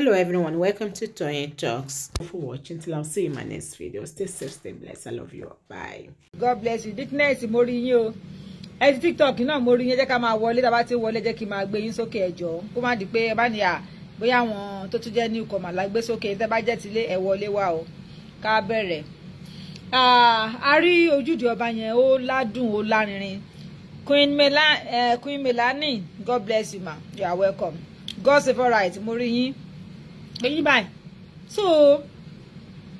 hello everyone welcome to Toyeen Talks Thank you for watching till i'll see you in my next video stay safe stay blessed i love you bye god bless you dickness mo rí yín o ẹ ti tiktok náà mo rí yín jẹ́ ká máa wọlé tá a bá ti wọlé jẹ́ kí n máa gbé yín sókè ẹjọ́ kó má di pé ẹ bá ní à bóyá àwọn tó tún jẹ́ new comer la gbé sókè tẹ́ bá jẹ́ tilé e wọlé wá o ká bẹ̀rẹ̀ a rí ojúde ọba yẹn ó ládùn ó lárinrin queen Melan. Eh, queen melani god bless you ma you are welcome god save all right mo rí yín gbẹ̀yìn báyìí so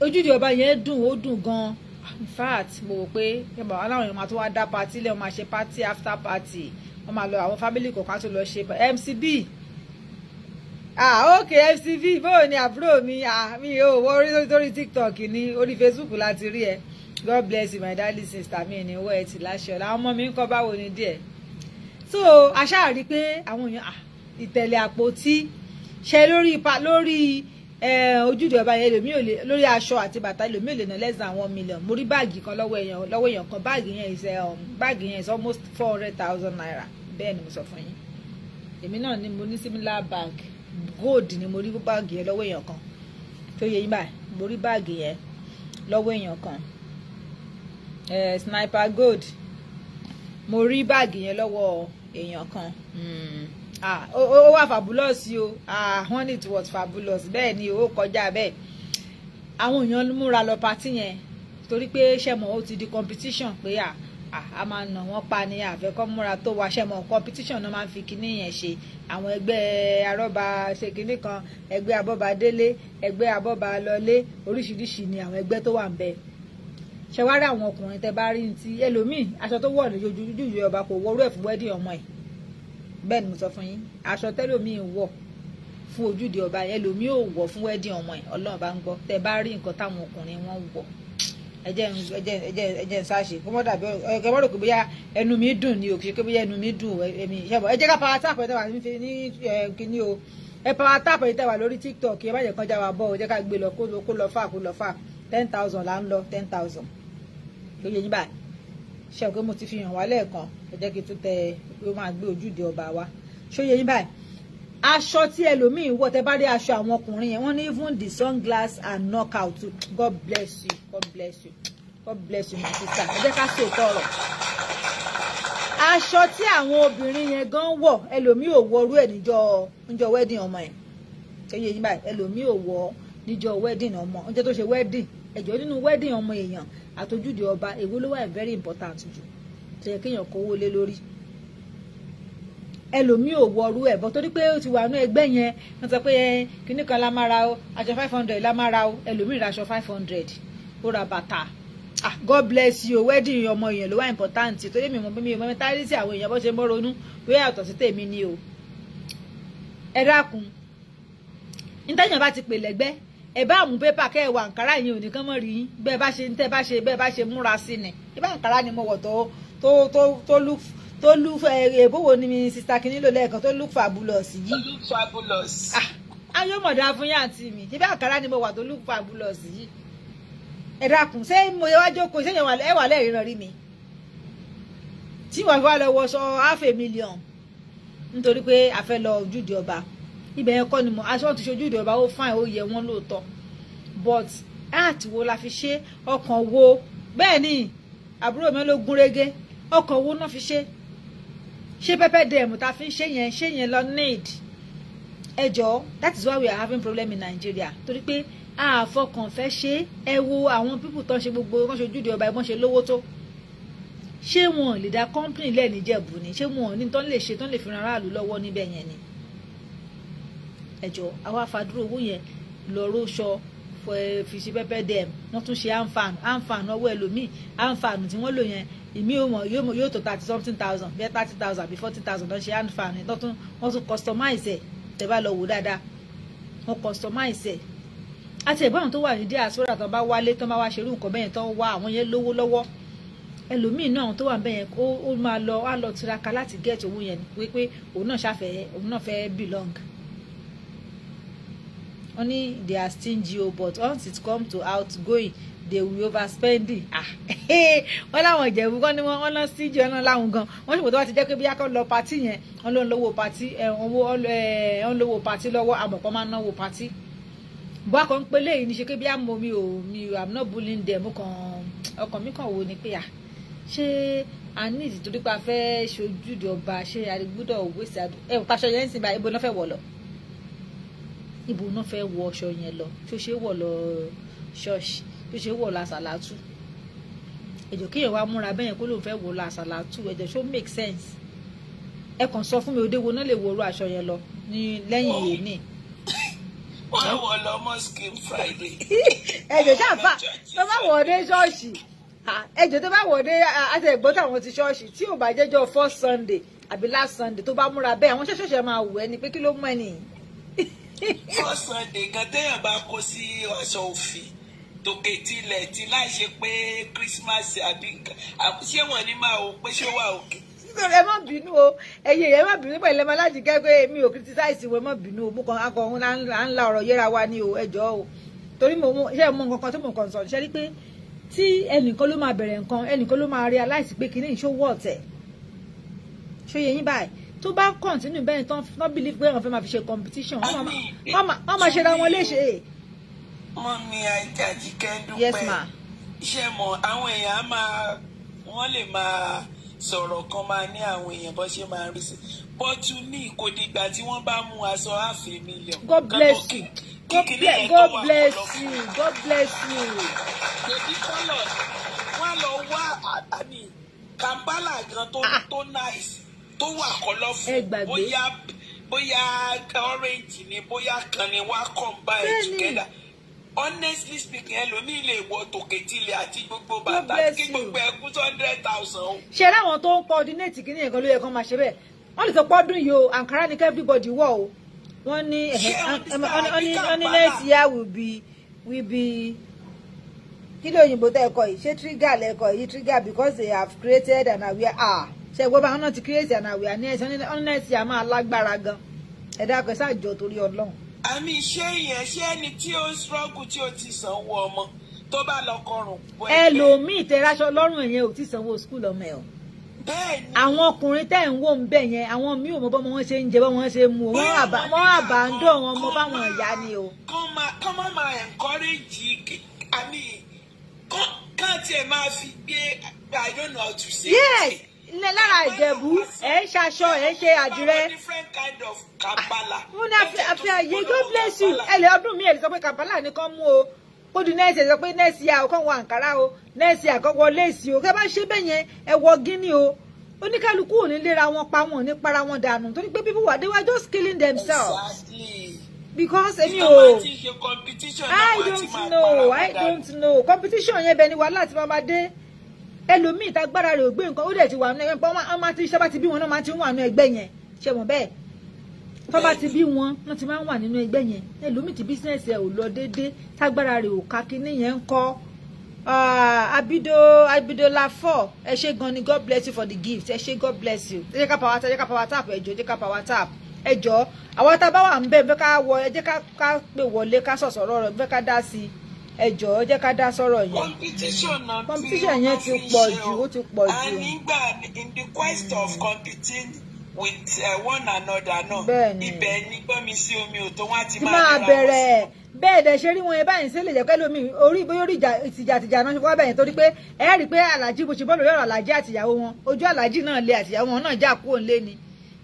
ojúde ọba yẹn dùn ó dùn gan in fact mo rò pé yàrá aláwọn èèyàn máa tó wá dá party lẹ́ wọ́n máa ṣe party after party wọ́n máa lọ àwọn family kọ̀ọ̀kan tó lọ ṣe MCB ah ok MCB bóò ni àbúrò mi ah mi ò wọ orí torí TikTok ni orí Facebook láti rí ẹ God bless you my darling sister mi ni owó ẹ ti láṣẹ ọ̀la àwọn ọmọ mi ń kọ́ báwo ni díẹ̀ so aṣáà rí i pé àwọn èèyàn ìtẹ̀lẹ̀ àpótí ṣe lórí ipa lórí ojúde ọba yẹn lèmi ò lè lórí aṣọ àti bàtà lèmi ò lè ná less than one million mo rí báàgì kan lọ́wọ́ èèyàn lọ́wọ́ èèyàn kan báàgì yẹn is um, báàgì yẹn is almost four hundred thousand naira bẹ́ẹ̀ ni mo sọ fún yín èmi náà ni mo ní similar bag gold ni mo rí báàgì yẹn lọ́wọ́ èèyàn kan tó yẹ yín báyìí mo rí báàgì yẹn lọ́wọ́ èèyàn kan sniper gold mo rí báàgì yẹn lọ́wọ́ èèyàn kan. Mm. Ah, ó wà fabulous o wọ́n ah, ní it was fabulous bẹ́ẹ̀ ni ó kọjá bẹ́ẹ̀ àwọn èèyàn múra lọ patí yẹn torí pé ṣẹ̀mọ̀ ó ti di competition pé à ah, a máa nà wọ́n pa ni àfẹ́kọ́ múra tó wa ṣẹ̀mọ̀ competition náà máa ń fi kinní yẹn ṣe àwọn ẹgbẹ́ arọ́ba ṣe kinní kan ẹgbẹ́ abọ́ba délé ẹgbẹ́ abọ́ba lọlé oríṣiríṣi ni àwọn ẹgbẹ́ tó wà ń bẹ ṣẹwárí àwọn ọkùnrin tẹ bá rí ní ti ẹlòmíì aṣọ tó wọ̀ ní ojú kò wọrú ẹ̀ fún wẹ́dì ọmọ ẹ̀ bẹ́ẹ̀ ni mo sọ fún yín aṣọ tẹ́lómiì wọ̀ fún ojúde ọba ẹlòmíì ò wọ̀ fún wẹ́dìn ọmọ ẹ̀ ọlọ́run bá ń gbọ́ tẹ́ bá rí nǹkan táwọn ọkùnrin wọn wọ̀ ẹjẹ ẹjẹ ẹjẹ ẹjẹ ṣáṣe kó mọ́ dàbí ọ̀rọ̀ kẹ́ mọ́ rò pé bóyá ẹnu mi dùn ni o kì í ṣe pé bóyá ẹnu mi dùn ẹ̀mí ìṣẹ́bọ̀ ẹ jẹ́ ká para táàpù ẹ̀tẹ́wà ní kíní o ẹ para táàpù ẹ̀tẹ́wà lórí tiktok ẹ má jẹ́ kán já wa bọ́ ọ jẹ́ ká gbé lọ kó lọ fà kó lọ fà ten thousand là ń lọ ten thousand lóye yín báyìí ṣe ò pé mo ti fi hàn wá lẹ́ẹ̀kan ẹ jẹ́ kí n tún tẹ pé máa gbé ojúde ọba wa ṣóyè yín báyìí aṣọ tí ẹlòmíín wọ tẹ bá rí aṣọ àwọn ọkùnrin yẹn wọ́n ní even the sunglass and knockout god bless you god bless you god bless you my sister ẹ ká sí òótọ́ ọ̀rọ̀ aṣọ tí àwọn obìnrin yẹn gan wọ ẹlòmíín ò wọrú ẹ̀ níjọ́ níjọ́ wedding ọmọ yẹn ṣóyè yín báyìí ẹlòmíín ò wọ níjọ́ wedding ọmọ níjọ́ tó ṣe wedding ẹjọ́ nínú wedding ọmọ èèyàn àtọ́júde ọba èwo ló wà very important jù tó yẹ kéèyàn kówó lé lórí ẹlòmíì ò wọrú ẹ̀ bọ́ torí pé ó ti wà ní ẹgbẹ́ yẹn wọ́n sọ pé kinní kan la máa ra o aṣọ five hundred la o ẹlòmíì ra aṣọ five hundred ó ra bàtà ah god bless you wedding ọmọ èèyàn ló wà important torí mi mọ̀ mi mọ̀ mi tárí sí àwọn èèyàn bó ṣe mọ́ ronú bóyá àtọ̀ sí tèmi ni o ẹ dákun ní tẹ́yìn bá ti pè lẹ́gbẹ́ ẹ bá mú pépà kẹ́ ẹ wà àǹkárá yìí ò ní kán mọ̀ rí yín bẹ́ẹ̀ bá ṣe tẹ́ bá ṣe bẹ́ẹ̀ bá ṣe múra sí ni ẹ bá àǹkárá ni mo wọ̀ tó tó tó tó lù tó lù èbówó ni mi sista kìíní lò lẹ́ẹ̀kan tó lù fabulous yìí. tó lù fabulous. ayé ah, mọ̀dá fún yín àǹtí mi ṣé bá àǹkárá ni mo wà tó lù fabulous yìí. ẹ dákun ṣé mo wá jókòó ṣé ẹ wà lẹ́ẹ̀ríran rí mi tí wàá fi wá lọ wọṣọ half a million nítorí pé a fẹ́ lọ ojúde ọba ibẹ̀ ẹ̀kọ́ ni mo aṣọ ti ṣojú ìdọ̀bà ó fáìn ó yẹ wọ́n lóòótọ́ but art wo la fi ṣe ọkàn wo bẹ́ẹ̀ ni àbúrò mi ló gún régé ọkàn wo náà fi ṣe ṣé pẹ́pẹ́ dẹ̀mù ta fi ń ṣe yẹn ṣe yẹn lọ need ẹ jọ̀ọ́ that is why we are having problem in Nigeria torí pé àfọkàn fẹ́ ṣe ẹ wo àwọn pípù tán ṣe gbogbo wọn ṣojú ìdọ̀bà ẹ wọ́n ṣe lówó tó ṣé wọn lè dá company lẹ́ẹ̀ níjẹ̀bù ni ṣé wọn ní tán lè ṣe tán lè fi ran aráàlú lọ́wọ́ níbẹ̀ yẹn ni ẹjọ àwa fàdúró owó yẹn lọ róṣọ fi ṣe pẹpẹ dẹm wọn tún ṣe àǹfààní àǹfààní ọwọ́ ẹlòmíì àǹfààní tí wọn lò yẹn èmi ò mọ yóò tó thirty something thousand bẹ́ẹ̀ thirty thousand àbí forty thousand lọ ṣe àǹfààní wọn tún wọn tún customize ẹ tẹ́ bá lọ wò dáadáa wọn customize ẹ àti ẹ̀gbọ́n àwọn tó wà ní diaspora tó bá wálé tó bá wá ṣerú nǹkan bẹ́yẹn tó ń wá àwọn yẹn lówó lọ́wọ́ ẹlòmíì náà àwọn tó wà bẹ́yẹn ó máa lọ á lọ tiraka láti gẹ̀ẹ́tì owó yẹn wípé òun náà ṣàfẹ́ òun náà fẹ́ belong Only they are stingy o oh, but once it come to outgoing they will overspending ah wọ́n láwọn ìjẹ̀bú kan ni wọ́n lọ sí ìjọ náà láwọn gan wọ́n ṣùgbọ́n tó bá ti jẹ́ pé bí akọ́ lọ patí yẹn wọ́n ló ń lówó patí wọ́n lówó patí lọ́wọ́ àmọ̀pọ̀ máa ń náwó patí bọ́ọ̀ kan pé léyìí ní ṣe pé bí àmọ́ mi ò mi ò i'm not bullying them ọkàn ọkàn mi kàn wò ni pé à ah, ṣé a ní ìtìtorí pa fẹ́ ṣojúde ọba ṣé a gbọ́dọ̀ wéṣẹ̀ ẹ̀ pàṣẹ yẹn ń sìn báyìí ibo náà fẹ́ wọ̀ lọ ibo náà fẹ́ wọ ọṣọ yẹn lọ tó ṣe wọ̀ lọ ṣọ́ọ̀ṣì tó ṣe wọ̀ lásàlátù ẹ̀jọ̀ kéèyàn wá múra bẹ́yẹn kó lóun fẹ́ wọ̀ lásàlátù ẹ̀jọ̀ ṣó make sense ẹ kàn sọ fún mi òde wo náà lè wọrú aṣọ yẹn lọ ní lẹ́yìn èyí ni. wọ́n wọ lọ mosque friday. ẹ̀jọ̀ tí a bá tó bá wọ̀ dé ṣọ́ọ̀ṣì ẹ̀jọ̀ tó bá wọ̀ dé àti ẹ̀gbọ́n táwọn ti ṣọ́ọ̀ṣì tí ò bá jẹ́jọ́ first sunday àbí last sunday tó bá múra bẹ́ẹ̀ àwọn ṣẹ́ṣọ́ṣẹ́ máa wù ẹ́ pé kí ló mú ẹ ọ̀sán nìkan téèyàn bá kó sí aṣọ òfì tòkè tilẹ̀ tí láì ṣe pé Christmas àbí nǹkan ṣé wọ́n ní máa wò pé ṣé wà òkè. ẹ má bínú o ẹ̀yẹ ẹ má bínú pẹ̀lú ẹ̀mọ́ láti kẹ́kọ̀ọ́ mi ò criticize ìwé má bínú o mo kàn akọ̀ òun à ń la ọ̀rọ̀ yẹra wa ni o ẹjọ́ o torí mo ṣe mọ nǹkan tó mọ̀ kàn sọ̀rọ̀ ṣe rí pé tí ẹnìkan ló máa bẹ̀rẹ̀ nǹkan ẹnìkan ló máa realize pé kìíní ìṣó wọ̀ ọ̀tẹ̀ ṣó yẹ yín báyìí tó bá ń kọ̀ǹtínú bẹ́ẹ̀ tán wọ́n bìlí pé wọ́n fẹ́ máa fi ṣe competition wọ́n máa ṣe ra wọn léṣe. mọ́mí àjàjíkẹ́ dúpẹ́ ṣe mọ̀ àwọn èèyàn á máa wọ́n lè máa sọ̀rọ̀ kan máa ní àwọn èèyàn bó ṣe máa rí sí bọ́tú ní ìkòdìgbà tí wọ́n bá mú aṣọ àfẹ́ mílíọ̀n God bless you God bless, God bless you God bless you. èdè kọ́lọ̀ wọ́n lọ wá àmì kàmbálà gan tó ah. náà ìsìn tó wà kọ́lọ́ fún bóyá bóyá orange ni bóyá kan ni wá combine it together honestly speaking ẹlòmíì lè wọ tòkètìlẹ̀ àti gbogbo bàtà kí gbogbo ẹkún two hundred thousand. ṣe láwọn tó ń coordinate kí ní nǹkan ló yẹ kán máa ṣe bẹ́ẹ̀ wọ́n lè sọ pé yìí o Ankara ni everybody wọ̀ o wọ́n ní ọní next year will be will be kí ló òyìnbó tẹ́ ẹ̀kọ́ yìí ṣé trigger lẹ́kọ̀ọ́ yìí trigger because they have created an we are. Ah ṣe ìwọ báwọn náà ti create an awareness honestly a máa lágbára gan ẹ dákọ ẹsẹ àjọ torí Ọlọ́run. àmì ṣé ìyẹn ṣé ẹni tí ó struggle tí ó ti sanwó ọmọ tó bá lọ kọrùn. ẹlòmíì tẹraṣọ lọ́rùn yẹn ò ti sanwó school ọmọ ẹ̀ o àwọn ọkùnrin tẹ́ ń wò ń bẹ̀ yẹn àwọn míì ò mọ bọ́mọ wọn ṣe ń jẹ bọ́mọ wọn ṣe ń mu wọn àbándọ̀ wọn mọ báwọn ìyá ni o. kọ́ máa encourage àmì kọ́ kàn tiẹ̀ máa fi gbé I don't know how to say. yes lára ìjẹ̀bú ẹ̀ ń ṣaṣọ ẹ̀ ń ṣe àdìrẹ. mo ní àfihàn àyè god bless you ẹ lè ọdún mi ẹ lè sọ pé kàbálà nìkan mú o ó di nẹ́ẹ̀sì ẹ sọ pé nẹ́ẹ̀sì yà ọkàn wọ àǹkárá o nẹ́ẹ̀sì àkọ́kọ́ léèsì o kẹ́ bá ṣe bẹ́ẹ̀ yẹn ẹ wọ gíní o oníkálukú ò ní léra wọn pa wọn ní para wọn dànù torí pé people wà they were just killing themselves because èmi ò i don't know i don't know competition yẹn bẹ ni wàhálà tí màmá dé ẹlòmíì tágbára rẹ̀ ò gbé nǹkan ó dẹ̀ ti wà nínú ẹgbẹ́ pé wọ́n máa ti sábà ti bí wọn náà máa ti ń wà nínú ẹgbẹ́ yẹn ṣe mọ̀ bẹ́ẹ̀ tọ́ba ti bí wọn wọ́n ti máa ń wà nínú ẹgbẹ́ yẹn ẹlòmíì ti bísíǹsì ẹ̀ ò lọ déédé tágbára rẹ̀ ò ká kínní yẹn ń kọ́ ah, abido abido lafọ ẹ ṣé gan ni god bless you for the gift ẹ ṣé god bless you ẹ jẹ́ ká power tap ẹ jẹ́ ká power tap ẹ jọ̀ọ́ ẹ jẹ́ ká power tap ẹ jọ̀ọ́ àwọn tá a bá wà ń bẹ̀ ẹ jẹ́ ká pè wọlé ká sọ̀sọ̀ rọrọ̀ ẹ jẹ́ ká dá sí i ẹ jọ̀ọ́ ká dá sọ̀rọ̀ yẹn. competition yẹn ti pọ̀ jù ó ti pọ̀ jù. and nígbà in the quest of competing with uh, one another náà ibẹ̀ ni gbọ́mi sí omi òtó wọn ti máa bẹ̀rẹ̀ bẹ́ẹ̀ dẹ̀ ṣe rí wọn yẹn báyìí sílẹ̀ jẹ́ pẹ́lú omi orí bóyá orí ìtìjà àtìjà náà ṣe wá bẹ̀yẹn torí pé ẹ rí i pé alájí bó ṣe bọ́ lórí ọ̀rọ̀ alájí àtìyàwó wọn ojú alájí náà lé àtìyàwó wọn náà já kúrò ńlé ni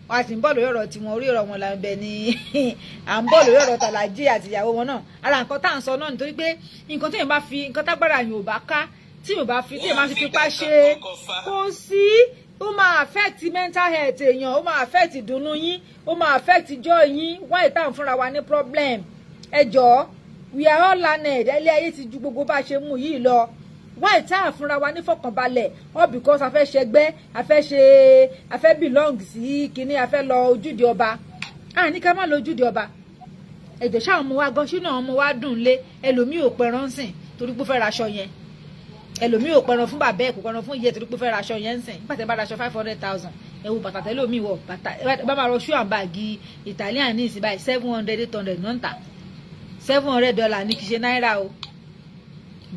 a sì ń bọ̀ lórí ọ̀rọ̀ tiwọn orí ọ̀rọ̀ wọn là ń bẹ ni à ń bọ̀ lórí ọ̀rọ̀ tàlàjì àti ìyàwó wọn náà ara nǹkan tá à ń sọ náà nítorí pé nǹkan tí èèyàn bá fi nǹkan tágbára yìí ò bá ká tí èèyàn bá fi tí èèyàn bá fi fipá ṣe kò sí ó máa affect mental health èèyàn ó máa affect ìdùnnú yín ó máa affect joy yín wáyé tá à fúnra wa ní problem ẹ jọ̀ọ́ we are all learned ẹlẹ́ ayé ti ju gbogbo bá ṣe mú yìí lọ wáì tá a fúnra wa nífọ̀kànbalẹ̀ all because a fẹ́ ṣẹgbẹ́ a fẹ́ ṣe a fẹ́ belong sí kinní a fẹ́ lọ ojúde ọba a ní ká má lọ ojúde ọba ẹ̀jọ̀ ṣáà ọmọ wa gan ṣínà ọmọ wa dùn lé ẹlòmíì ò pẹran sìn torí pé ó fẹ́ raṣọ yẹn ẹlòmíì ò pẹran fún bàbá ẹ̀ kò pẹran fún iye torí pé ó fẹ́ raṣọ yẹn ń sìn nígbà tí ẹ bá raṣọ five hundred thousand ẹ wo bàtà tẹ́lómi wọ̀ bàtà ẹ bá máa rọ ṣú àǹbàgì Italian ní ìsìn báyìí seven hundred eight hundred náà ń tà seven hundred dollar ní kìí ṣe náírà o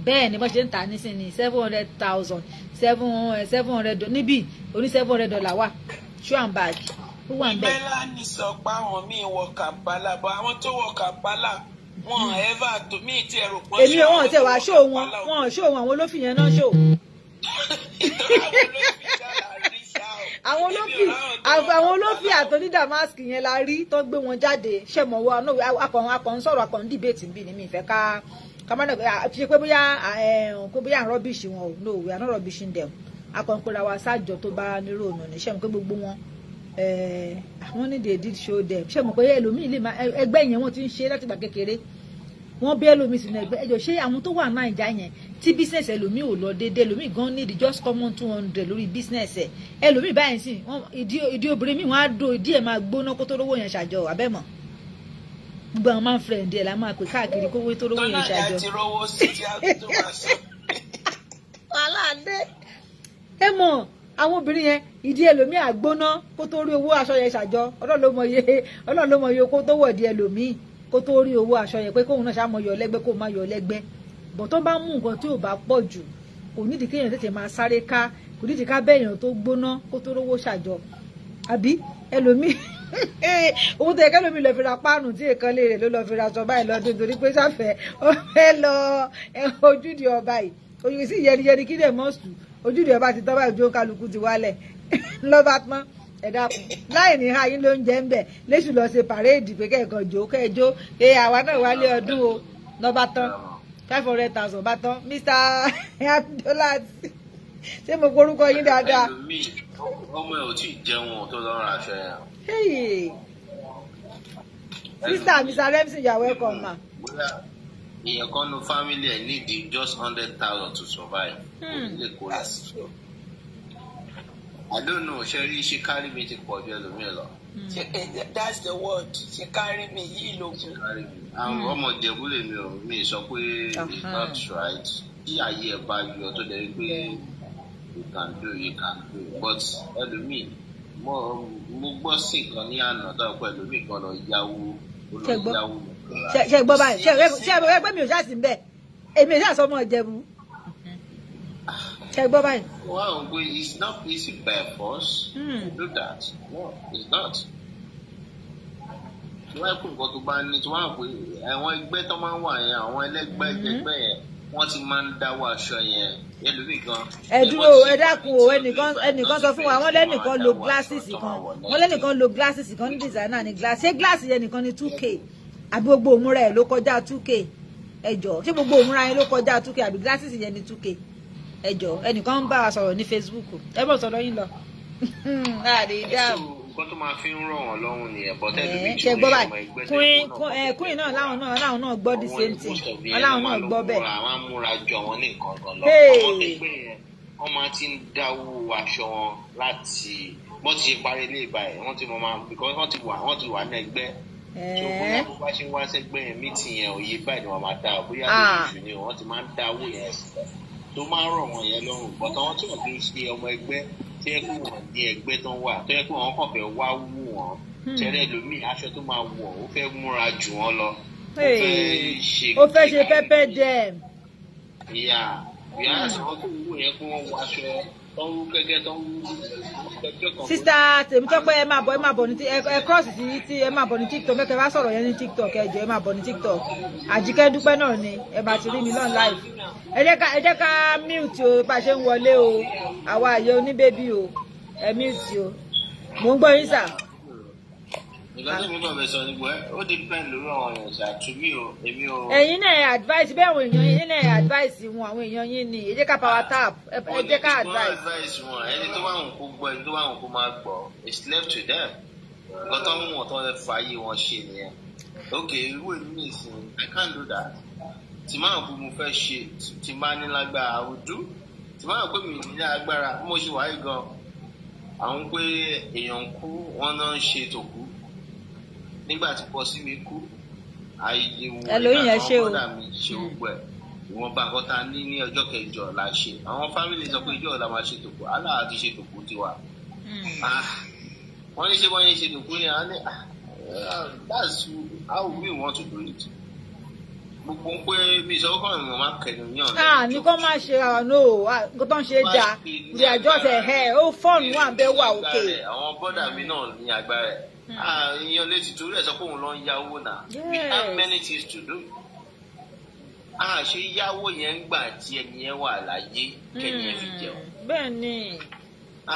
bẹ́ẹ̀ ni wọ́n ṣe ń tà nísìnyí seven hundred thousand seven eh, seven hundred níbí oní seven hundred dollar wà ṣùgbọ́n báàgì ó wà ń bẹ̀. ìbẹ́lá ni sọ pé àwọn míì wọ kàmpala bọ́ àwọn tó wọ kàmpala wọn ẹ̀fà hmm. tó míì tiẹ̀ rò pọ́n. èmi wọn tẹ wàá ṣó wọn ṣó wọn àwọn olófin yẹn náà ṣó. àwọn olófin àwọn olófin àtọ́ní damask yẹn la rí tó gbé wọn jáde ṣẹ̀mọ̀wọ́ akọ̀ ń sọ̀rọ̀ akọ̀ ń ká má dàgbà ṣe pé bóyá pé bóyá rọ́bìṣì wọn ò no we are not rubbishing them akọ̀ǹpẹ̀rẹ̀ wa sáàjọ tó bá nírò ònà ní ṣe mọ̀ pé gbogbo wọn Eh, ní they did show them ṣe mọ̀ pé ẹlòmíì lè máa eh, ẹgbẹ́ yẹn wọ́n ti ń ṣe láti gbà kékeré wọ́n bí ẹlòmíì sínú ẹgbẹ́ ẹjọ́ ṣé àwọn tó wà Naija yẹn tí business ẹlòmíì ò lọ déédéé ẹlòmíì gan need just common two hundred lórí business ẹ ẹlòmíì báyìí sìn ìdí obìnrin míì wọ́n á dó ìdí ẹ̀ máa gbóná kó tó rówó yẹn ṣàjọ àbẹ́mọ̀ gbogbo àwọn máa friend ẹ̀ la máa pè káàkiri kówó tó rówó yẹn ṣàjọ. wàhálà dé. ẹ mọ̀ àwọn obìnrin yẹn ìdí ẹlòmíì àgbóná kó tó rí owó aṣọ yẹn ṣàjọ ọlọ́run ló kó tó wọ̀ di kó tó rí owó aṣọ yẹn pé kóun náà ṣá yọ lẹ́gbẹ́ kó má yọ lẹ́gbẹ́ bọ̀ tó bá mú nǹkan tí ò bá pọ̀ jù kò nídìí kéèyàn tètè máa sáré ká kò nídìí ká tó gbóná kó tó rówó ṣàjọ àbí ẹlòmíì òun tẹ kẹlòmíì lọ fi ra páànù tí èèkan lè rè ló lọ fi ra sọ báyìí lọdún torí pé sáfẹ ó fẹ́ lọ ojúde ọba yìí oyè sí yẹriyẹri kí lè mọ sùn ojúde ọba ti tán báyìí ojú kálukú ti wálẹ̀ lọ́ba tán ẹ dákun láì ní ha yín ló ń jẹ ń bẹ léṣù lọ ṣe pàréèdì pé kẹkàn jó kẹjó ẹ àwa náà wálé ọdún o lọ́ba tán five hundred thousand bá tán mr abdulhasi ṣé mo gbórúkọ yín dáadáa. ẹlòmíì ọmọ ẹ ò tí ì jẹun tó lọ́rùn aṣọ ẹ̀. sísá mr remsen you welcome ma. èèyàn kan nu family ẹ nídìí just hundred thousand to survive. ilé kò rà sí. I don't know ṣe rí ṣe kárí mi ti pọ̀ ju ẹlòmíì lọ. Hmm. Eh, eh, that's the word ṣe kárí mi yìí ló kù. àwọn hmm. ọmọ Ìjẹ̀bú lèmi ò mi sọ pé uh-huh. that's right. tí àyè ẹ̀ bá yọ tó dẹ̀ rí you can do you can do but ẹlòmíì mo mo gbọ́ sí nǹkan ní àná tó pẹ́ ẹlòmíì kan lọ yáwó ó lọ yáwó lọ. ṣe gbọ́ báyìí ṣe ṣe ẹgbẹ́ mi ò ṣáà sí ń bẹ̀ èmi ò ṣáà sọ ọmọ ìjẹ̀bù ṣe gbọ́ báyìí. wow but it's not easy by force to hmm. do that no it's not tí wọ́n kó nǹkan tó bá ní tí wọ́n á pè àwọn ẹgbẹ́ tó máa ń wà yẹn àwọn ẹlẹ́gbẹ́ mm-hmm. ẹgbẹ́ yẹn wọ́n ti máa ń dáwọ́ aṣọ yẹn ẹlòmíì gan. ẹ dúró ẹ dákun o ẹnìkan ẹnìkan sọ fún wa wọ́n lẹ́nìkan lo glasses kan wọ́n lẹ́nìkan lo glasses kan ní designer ní glass ṣé glass yẹn nìkan ni two k àbí gbogbo òmùra ẹ ló kọjá two k ẹ jọ ṣé gbogbo òmùra yẹn ló kọjá two k àbí glasses yẹn ni two k ẹ jọ ẹnìkan ń bá wa sọ̀rọ̀ ní Facebook ẹ bọ̀ sọ̀rọ̀ yín lọ. àdìdá o nǹkan tó máa fi ń rọ̀ wọ́n lọ́rùn nìyẹn bọ́ tẹ́lifí tí ó ní ọmọ ẹgbẹ́ eh, náà láwọn náà láwọn náà gbọ́ the same thing láwọn náà gbọ́ bẹ́ẹ̀. àwọn amúra jọ wọn ní nǹkan kan lọ àwọn ẹgbẹ́ yẹn wọ́n máa ti ń dáwó aṣọ wọn láti wọ́n ti parí ilé ìgbà wọ́n ti mọ máa because wọ́n ti wà wọ́n ti wà ní ẹgbẹ́ tó eh? bóyá bó bá ṣe wá sẹ́gbẹ́ yẹn mítì yẹn òye báyìí ni wọ́n máa dá bóyá lóṣù ah! ni wọ́n ti máa ń dáwó yẹn tó máa ń rọ̀ wọ́n yẹn lọ́rùn bọ́tà wọ́n tí tó yẹ kó wọ́n ní ẹgbẹ́ tó ń wà tó yẹ kó wọ́n kàn fẹ́ wá wù wọ́n tẹ́lẹ̀ hmm. lómi aṣọ tó máa wọ̀ ó fẹ́ múra jù wọ́n lọ. ó fẹ́ ṣe pẹ́pẹ́ dẹ̀. ìyá ìyá àṣọ tó wù yẹ kó wọ́n wọ aṣọ sista Tèmítọ́pẹ́ ẹ máa bọ̀ ẹ máa bọ̀ ní ẹ cross sí tí ẹ máa bọ̀ ní tiktok ẹ bá sọ̀rọ̀ yẹn ní tiktok ẹ jọ̀ọ́ ẹ máa bọ̀ ní tiktok Àjíkẹ́ Dúpẹ́ náà ni ẹ bá ti rí mi lọ́n live ẹ jẹ́ ká ẹ jẹ́ ká mute o bá a ṣe ń wọlé o àwa àyè oníbèbí o ẹ mute o mò ń gbọ́ yín sà nǹkan tí náà ẹ advice bẹ́ẹ̀ àwọn èèyàn yín náà ẹ advice wọn àwọn èèyàn yín ni ẹ jẹ́ ká power tap ẹ jẹ́ ká advice. ẹni tó bá wọn kó gbọ́ ẹni tó bá wọn kó máa gbọ́ it's left to them nǹkan tó ń wọ̀n tó ń fa wọn ṣe nìyẹn ok irú èmi nìsín I can't do that tí máa kú mo fẹ́ ṣe tí máa ní lágbára àwùjọ tí máa pè mí ní agbára mo ṣe wáyé gan àwọn pé èèyàn kú wọn náà ń ṣe tòkú nígbà tí pọ̀ mi kú àìdíwò ìlànà ọ̀gọ́dà mi ṣe gbogbo ẹ̀ ìwọ̀nba nǹkan tá ní ní ọjọ́ kẹjọ la ṣe àwọn fámìlì sọ pé ìjọ́ máa ṣe tòkù àlà àti ṣe tòkù tiwa hmm. ah, wọ́n ní ṣe wọ́n yẹn ṣe tòkù yẹn á ní ah, eh, that's how we want to do it gbogbo ń pé mi sọ kọ́ ìwọ̀n máa kẹ̀lé yàn. a ní kó má ṣe àánú o kó tó ṣe dà ìrìn àjọ tẹ̀ ẹ́ ó fọ́ọ̀nù wà bẹ́ẹ̀ wà òkè. àwọn bọ́dà mi náà ní agbára ẹ̀ Hmm. Ah, ìyẹn lè ti torí ẹ̀ sọ pé òun lọ ń yáwó náà we have many things to do àṣe ah, yáwó yẹn ń gbà tí ẹni yẹn wà láyé kẹ́ni yẹn fi hmm. jẹun. bẹ́ẹ̀ ni.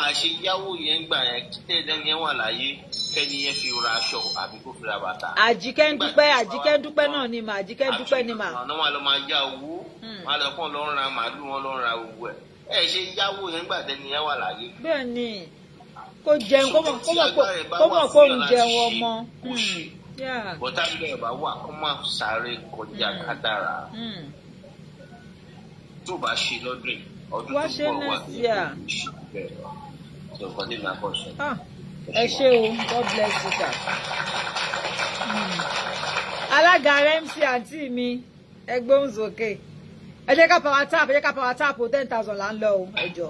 àṣe ah, yáwó yẹn ń gbà yẹn kẹ́ni yẹn wà láyé kẹ́ni yẹn fi ra aṣọ àbí kó fi ra bàtà. àjíkẹ́ ń dúpẹ́ àjíkẹ́ ń dúpẹ́ náà ni mà àjíkẹ́ ń dúpẹ́ ni mà. àwọn wọn lọ máa yá owó hmm. wọn lọ kàn lọ ń màálù wọn lọ owó ẹ ẹ yáwó yẹn ń gbà tẹ́ni yẹn wà láyé. bẹ́ẹ̀ ni kó jẹun kó mọ̀ kó mọ̀ kó ń jẹun ọmọ. bọ́tà ilé ẹ̀ bá wà kó má sáré kọjá hmm. kádàrá hmm. tó bá ṣe lọ́dún ọdún tó ń bọ̀ wá ní ìṣẹ̀lẹ̀ ọ̀kan nínú àkọsọ. Ah, ẹ ṣé o God bless you sir. Hmm. alága MC àǹtí mi ẹgbẹ́ òǹzòkè ẹ jẹ́ ká power tap ẹ jẹ́ ká power tap o ten thousand là ń lọ o ẹ jọ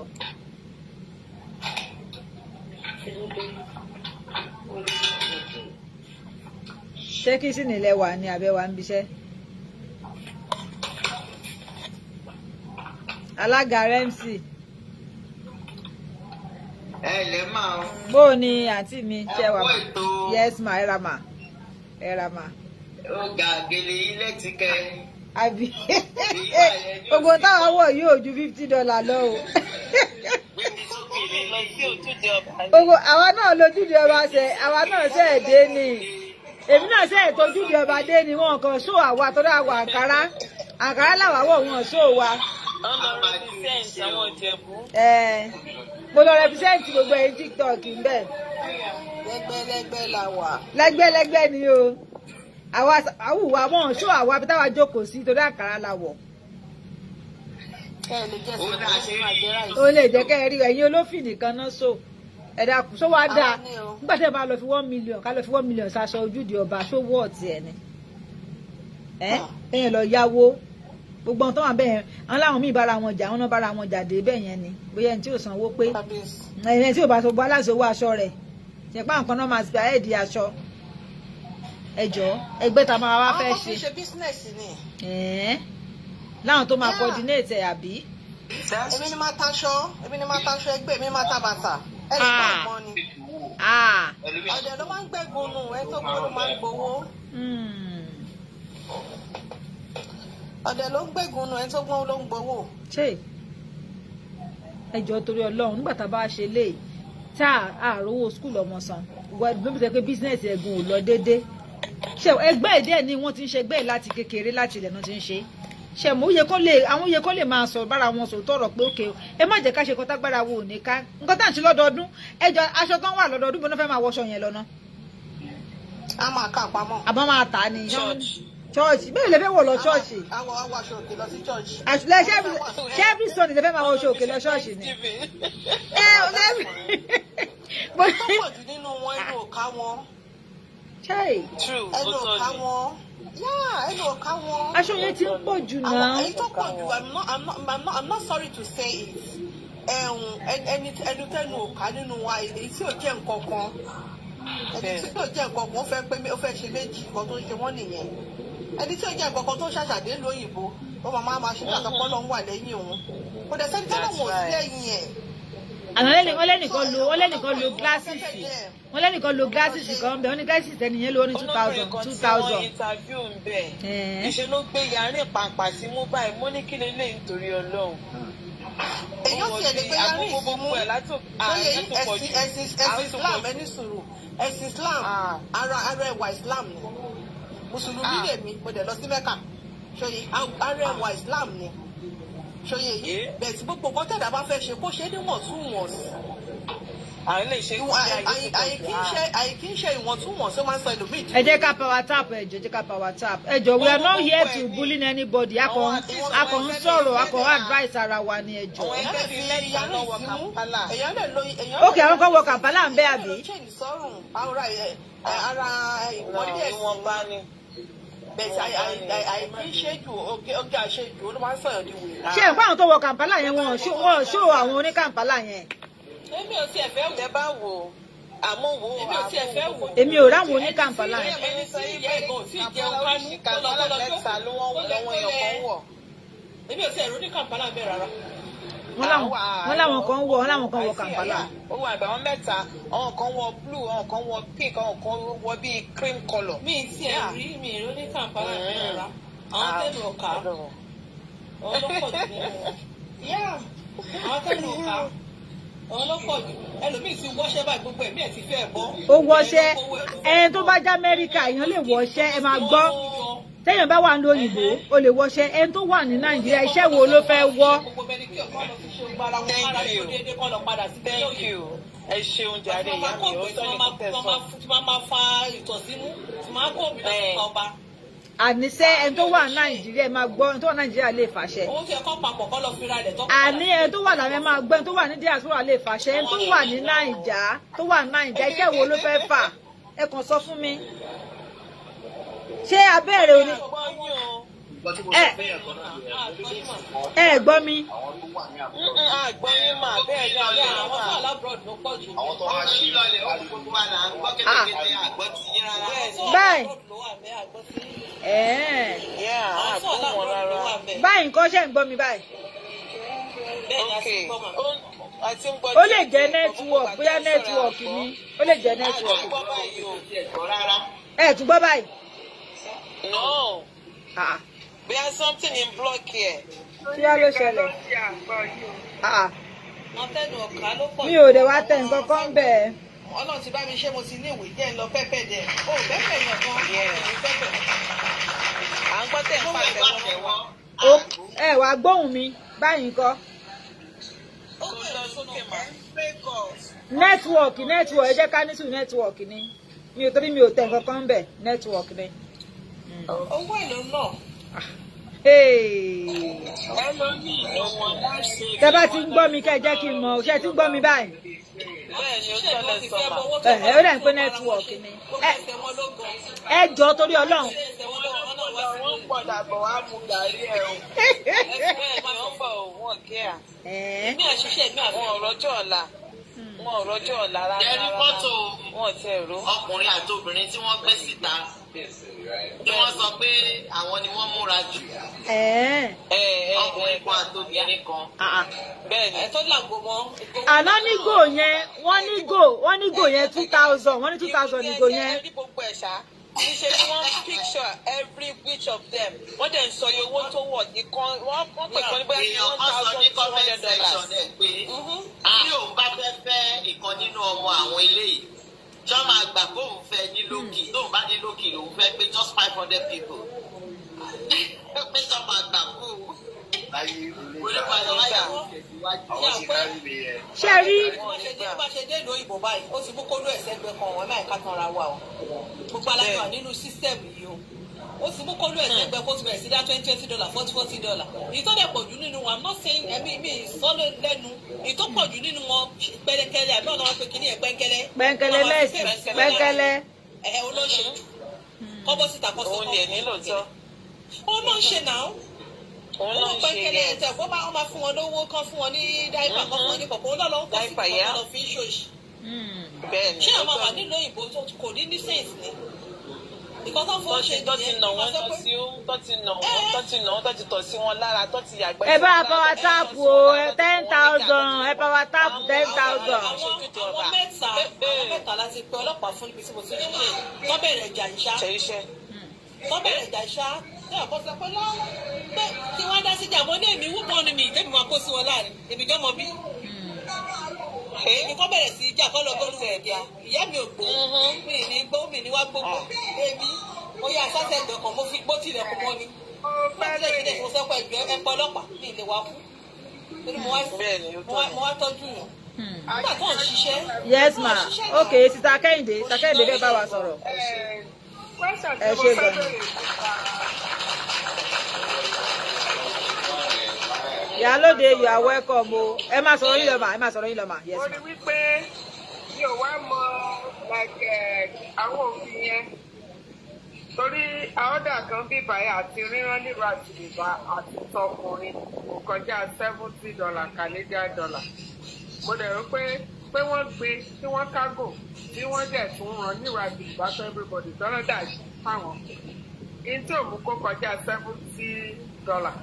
ṣé kí sì nílẹ̀ wà ní abẹ́ wa ń bíṣẹ́ alága RMC. ẹ lè máa o. àǹtí mi ṣe wà má yes ma ẹ ra ma ẹ ra ma. ó ga gèlè yín létí kẹ. gbogbo táwọn wọ̀ yóò ju fifty dollar lọ o. lọ sí ojúde ọba. gbogbo àwa náà lójúde ọba ṣe àwa náà ṣe é dé ni èmi náà ṣe ètò ojúde ọba dé ni wọn kàn ṣó àwa tó dá wa àǹkárá àǹkárá làwa wọ wọn ṣó wa. ọlọ́run represent àwọn ìjẹ̀bú. mo lọ represent gbogbo ẹ̀yin tiktok ńbẹ. lẹ́gbẹ́lẹ́gbẹ́ la wà. lẹ́gbẹ́lẹ́gbẹ́ ni o àwa àwùwà wọn ṣó àwa bí táwa jókòó sí torí àǹkárá la wọ̀ ó lè jẹ́ kẹ́ ẹ rí ẹ̀yin olófì nìkan náà so ẹ̀dá kù sọ wá dáa nígbà tí ẹ bá lọ fi one million ká lọ fi one million ṣaṣọ ojúde ọba ṣó wọ́ ọ̀tí ẹ̀ ni ẹ̀yìn ah. lọ yáwó gbogbo ohun tó wà bẹ́ẹ̀ àwọn làwọn míì bára wọn jà wọn náà bára wọn jàdé bẹ́ẹ̀ yẹn ni bóyá ẹni tí ò sanwó pé ẹni tí ò bá sọ bó aláṣọwọ́ aṣọ rẹ̀ ṣèpá nǹkan náà máa ṣe àyẹ̀dí aṣọ ẹjọ́ ẹgbẹ́ ta máa wá fẹ́ ṣe. àwọn kò fi ṣe bísínẹ̀sì ni láwọn tó máa coordinate ẹ̀ àbí. èmi ni máa taṣọ èmi ni máa taṣọ ẹgbẹ́ èmi ni máa ta bàtà ẹ lè gbà ah. mọ́ ni. Ah. ọ̀dẹ̀ ló máa ń gbẹ́gun nù ẹ tó gbọ́ ló máa ń gbowó. Hmm. ọ̀dẹ̀ ló ń gbẹ́gun nù ẹ tó gbọ́ ló ń gbowó. ẹ jọ̀ọ́ torí Ọlọ́run nígbà tá a bá ṣe léyìí tá a rówó skul ọmọ san lóbi tẹ pé bísínẹ́sì ẹ̀gùn ò lọ déédéé ṣe ẹgbẹ́ ìdí ẹ̀ ni wọ́n ti ń ṣe ẹgbẹ́ láti kékeré láti ilẹ̀ náà ti ń ṣe é ṣẹ̀mú yẹ kó lè àwọn yẹ kó lè máa sọ bára wọn sọ tọrọ pé òkè ẹ má jẹ́ ká ṣe kọ́tà gbára wo òní ká nǹkan tá à ń ṣe lọ́dọọdún ẹjọ́ aṣọ kan wà lọ́dọọdún bó ló fẹ́ máa wọṣọ yẹn lọ́nà. a máa kà pamọ́. àbọ̀ máa tà á ní. chọ́ọ̀chì bẹ́ẹ̀ lè fẹ́ wọ̀ lọ church àwọn àwọn aṣọ òkè lọ sí chọ́ọ̀chì. àṣùlẹ̀ ṣẹ́ẹ̀bì sọ̀nì lè fẹ́ máa wọṣọ òkè lọ chọ́ọ̀chì ni. ẹ eh, ẹ lẹ́bi. tọ́pọ̀ jù aṣọ yẹn ti ń pọ̀ you. náà. i'm not i'm not i'm not i'm not sorry to say it ẹni ẹnu No òkà nínú wa èyí tí ò jẹ́ nǹkan kan ẹni tí ò jẹ́ nǹkan kan ó fẹ́ pé ó fẹ́ ṣe méjì nǹkan tó ń ṣe wọ́n nìyẹn ẹni tí ò jẹ́ nǹkan kan tó ṣàṣàdé lóyìnbó ó máa máa ṣe kàkọ́ lọ́wọ́ lẹ́yìn òun kò dẹ̀ sẹ́ni tó lọ́wọ́ sí ẹ̀yìn ẹ̀ àná ọlẹ́nìkan lo ọlẹ́nìkan lo gíláṣìsì wọn lẹ́nìkan lo gíláṣìsì kan bẹ̀ wọ́n ní gíláṣìsì tẹ́ni yẹn lórí two thousand two thousand. olórí kan tí wọ́n interview ń bẹ̀ ìṣe ló gbé yàrin pàǹpà sí mú báyìí mo ní kí ni lè nítorí ọlọ́run. èyí ò sì ẹni pé yàrin ìsìnmú lóye ẹ̀sìn ẹ̀sìn islam ẹni sùúrù ẹ̀sìn islam ara ara ẹwà islam ni mùsùlùmí lèmi mo dẹ̀ lọ sí mẹ́kà ṣòye ara ẹwà islam ni ṣòye yìí bẹ̀sí gbogbo nǹkan tẹ̀dá bá ṣe kó ṣe é níwọ̀ntúnwọ̀nsì. àyìn lè ṣe ìwọ̀n àyìn kì í ṣe ìwọ̀ntúnwọ̀nsì ó máa ń sọ ẹlòmíì. ẹ jẹ́ ká power tap ẹ jẹ́ ká power tap ẹ jọ we are not here to bully anybody a kò ń sọ̀rọ̀ a kò advice ara wa ni ẹ jọ. ok àwọn kan wọ kàmpálà ń bẹ́ àbí. ara ìwọ̀n bá ni bẹ́ẹ̀ I I àì kí ṣéjú okay, ọgẹ àṣejù ó ló máa ń sọ̀rọ̀ ní wèrè. ṣé ìfọ àwọn tó wọ kàǹpálà yẹn wọn ò ṣó àwọn oníkàǹpálà yẹn. èmi ò tiẹ̀ fẹ́ wùdẹ́ bá wò ó àmọ́ wo èmi ò tiẹ̀ fẹ́ wò ó. èmi ò ráwọn oníkàǹpálà yẹn. ẹni tí ìyá ìbò tí ìjẹun bá ní mẹ́ta ló wọ́n wọ́n yọ̀kan wọ̀. èmi ò tiẹ̀ rú ní kàǹpálà bẹ́ẹ̀ rárá wọ́n láwọn kan wọ wọ́n láwọn kan wọ Kampala. ó wà àgbà wọn mẹ́ta àwọn kan wọ blue àwọn kan wọ pink àwọn kan wọ bíi cream colour. mi ti ẹ rí mi rí ní Kampala mi mm-hmm. rà àwọn ah, tẹnu ọkà àwọn jù mí wọn àwọn tẹnu ti wọṣẹ́ báyìí gbogbo ẹ̀mí ẹ̀ ti fẹ́ bọ́. ó wọṣẹ́ ẹni tó bá já Amẹ́ríkà èèyàn lè wọṣẹ́ ẹ máa gbọ́ téèyàn bá wà ní òyìnbó o lè wọṣẹ ẹni tó wà ní nàìjíríà iṣẹ́ wo ló fẹ́ wọ́. ẹ ṣeun jàre ìyá mi ó sọ ní kí tẹsán. tí wọ́n máa fa ìtọ̀símú tí wọ́n á kó òbí lọ́sọ̀tà ọba. àní ṣé ẹni tó wà nàìjíríà máa gbọ́ ẹni tó wà nàìjíríà lè fàṣẹ. ó fi ẹ̀kọ́ papọ̀ kọ́ lọ fi ra rẹ̀ tọ́. àní ẹni tó wà lábẹ́ máa gbọ́ ẹni tó wà ní diaspora lè fàṣẹ ẹni tó wà ní nàìjà tó wà nàìjà iṣẹ́ wo ló fẹ́ fà ẹ kàn sọ fún mi ṣé abẹ́rẹ́ òní. ẹ ẹ gbọ́ mi. Ah. báyìí báyìí nǹkan ṣe ń gbọ́ mi báyìí ó lè jẹ network bóyá network ni ó lè jẹ network ẹ tún gbọ́ báyìí. No. Ah. We have something in block here. Kí á ló ṣẹlẹ̀? Mi ò dẹ̀ wá tẹ̀ nǹkan kan bẹ́ẹ̀. Ọlọ́run ti bá mi ṣe mo ti ní ìwé jẹ́ ń lọ pẹ́pẹ́ dẹ̀. O pẹ́pẹ́ yàn kan ìwé pẹ́pẹ́. À ń gbọ́ tẹ̀ ń pàtẹ́ wọn. Ẹ wá gbóhùn mi báyìí kọ́. Ó pè lọ sókè màá nẹ́tíwọ̀kì nẹ́tíwọ̀kì ẹ jẹ́ ká ní sùn nẹ́tíwọ̀kì ni mi ò torí mi ò tẹ̀ nǹkan kan bẹ̀ nẹ́tíwọ̀kì ni owó èlò náà. ẹ ló ní ìnáwó láṣẹ. tẹ bá ti ń gbọ́ mi kẹ́ ẹ jẹ́ kí n mọ̀ ọ́ ṣe ti ń gbọ́ mi báyìí. bẹ́ẹ̀ni o tẹ́lẹ̀ sọ́mà. ẹ ó dẹ̀ ń pé nẹ́tíwọ̀kì ni. ẹ jọ torí ọlọ́run. wọ́n padà bọ̀ wá mu gàrí ẹ̀ o. ẹ fẹ́ ẹ̀ ní ọ̀pọ̀ òun ọ̀kẹ́ à. èmi àṣìṣe mi àwọn ọ̀rọ̀ ọjọ́ ọ̀la wọn ò rọjò ọ̀la rárá ẹni mọ́tò ọkùnrin àti obìnrin tí wọ́n gbé síta tí wọ́n sọ pé àwọn ni wọ́n múra jù ọkùnrin kan àti obìnrin kan ah, ah. bẹ́ẹ̀ni ẹ tó làgbo mọ́. àná ní gò yẹn wọ́n ní go? wọ́n ní gò yẹn two thousand wọ́n ní two thousand ní gò yẹn níṣe ni wọ́n picture every which of them wọ́n dẹ̀ ń sọ iye owó tó wọ̀ ìkan wọ́n pè kan ní bóyá one thousand two hundred dollars. tó máa gbà kóun fẹ́ ní lókì tóun bá ní lókì lòun fẹ́ pé just five hundred people pé tó máa gbà kóun. ṣe rí. bá ṣe dé ìlú òyìnbó báyìí ó ti mú kólú ẹ̀sẹ̀ gbẹ kan ọ̀hún ẹ̀ máa ń ká tanra wa gbogbo aláìsàn nínú sísẹ̀mù yìí ó ṣubú kólú ẹ̀ sẹ́gbẹ́ kó ti bẹ̀rẹ̀ sí twenty twenty dollar forty forty dollar ìtọ́jà pọ̀ jù nínú wọn i'm not saying ẹ̀mí mi ìsọ́lẹ̀ lẹ́nu ìtọ́ pọ̀ jù nínú wọn pẹ̀lẹ́kẹ̀lẹ̀ àbí ọ̀nà wọn pé kíní ẹ̀ pẹ́ńkẹ́lẹ́ pẹ́ńkẹ́lẹ́ lẹ́sì pẹ́ńkẹ́lẹ́ ẹ̀ olóṣèlú hmm. kọ́bọ́ síta kọ́ sọ́kọ́ òun ní lóòótọ́ òun náà ń ṣe náà òun náà ń pẹ́ńkẹ́lẹ́ ẹ̀sẹ̀ kó máa fún wọn lówó kan fún wọn ní ìkọ́tọ̀ fún ṣe tó ti nà wọ́n tó ti tó ti nà wọ́n tó ti nà wọ́n tó ti tọ̀ sí wọn lára tó ti yàgbẹ́. ẹ bá a bá wa táàpù o ten thousand ẹ bá wa táàpù ten thousand. àwọn mẹ́ta àwọn mẹ́ta láti pe ọlọ́pàá fún ibi tí mo ti ṣe tó bẹ̀rẹ̀ ìjà ìṣá tó hmm. bẹ̀rẹ̀ wọ́n dá síjà mo ní èmi wúbọ̀ ni mi ìdẹ́mi máa sí wọn láàrin èmi jọ́mọ bí èmi kọ́ bẹ̀rẹ̀ sí ìjà kọ́ lọ gbọ́dọ̀ ẹ̀dá ìyá mi ò gbó mi ní gbó mi ní wá gbogbo èmi mo yá sátẹ̀ ìdọ̀kan mo fi gbó tilẹ̀ kọ́ mọ́ ni pátí lẹ́yìn ìdẹ̀kùn sẹ́pọ̀ ẹ̀jọ́ ẹ̀pọ̀ ọlọ́pàá mi lè wá fún torí mo wá tọ́jú yàn hmm. nígbà tó ń ṣiṣẹ́. yes ma ok sita kẹ́hìndé sita kẹ́hìndé lè bá wa sọ̀rọ̀ ẹ ṣe gan-an. Ìyálóde you are welcome o ẹ máa sọ̀rọ̀ yín lọ́mà ẹ máa sọ̀rọ̀ yín lọ́mà. ó ní wípé mi ò wá mọ eh, àwọn òfin yẹn torí àọ́dà kan bíbá yẹn àti ríran nílùú àti bíbá àti tọkùnrin kò kọjá seventy dollar Canadian dollar mo dẹ̀ rò pé pé wọ́n gbé tí wọ́n kágò tí wọ́n dẹ̀ tún ràn nílùú àti bíbá fún everybody tọ́lọ́dà fáwọn kí n tó mú kó kọjá seventy dollar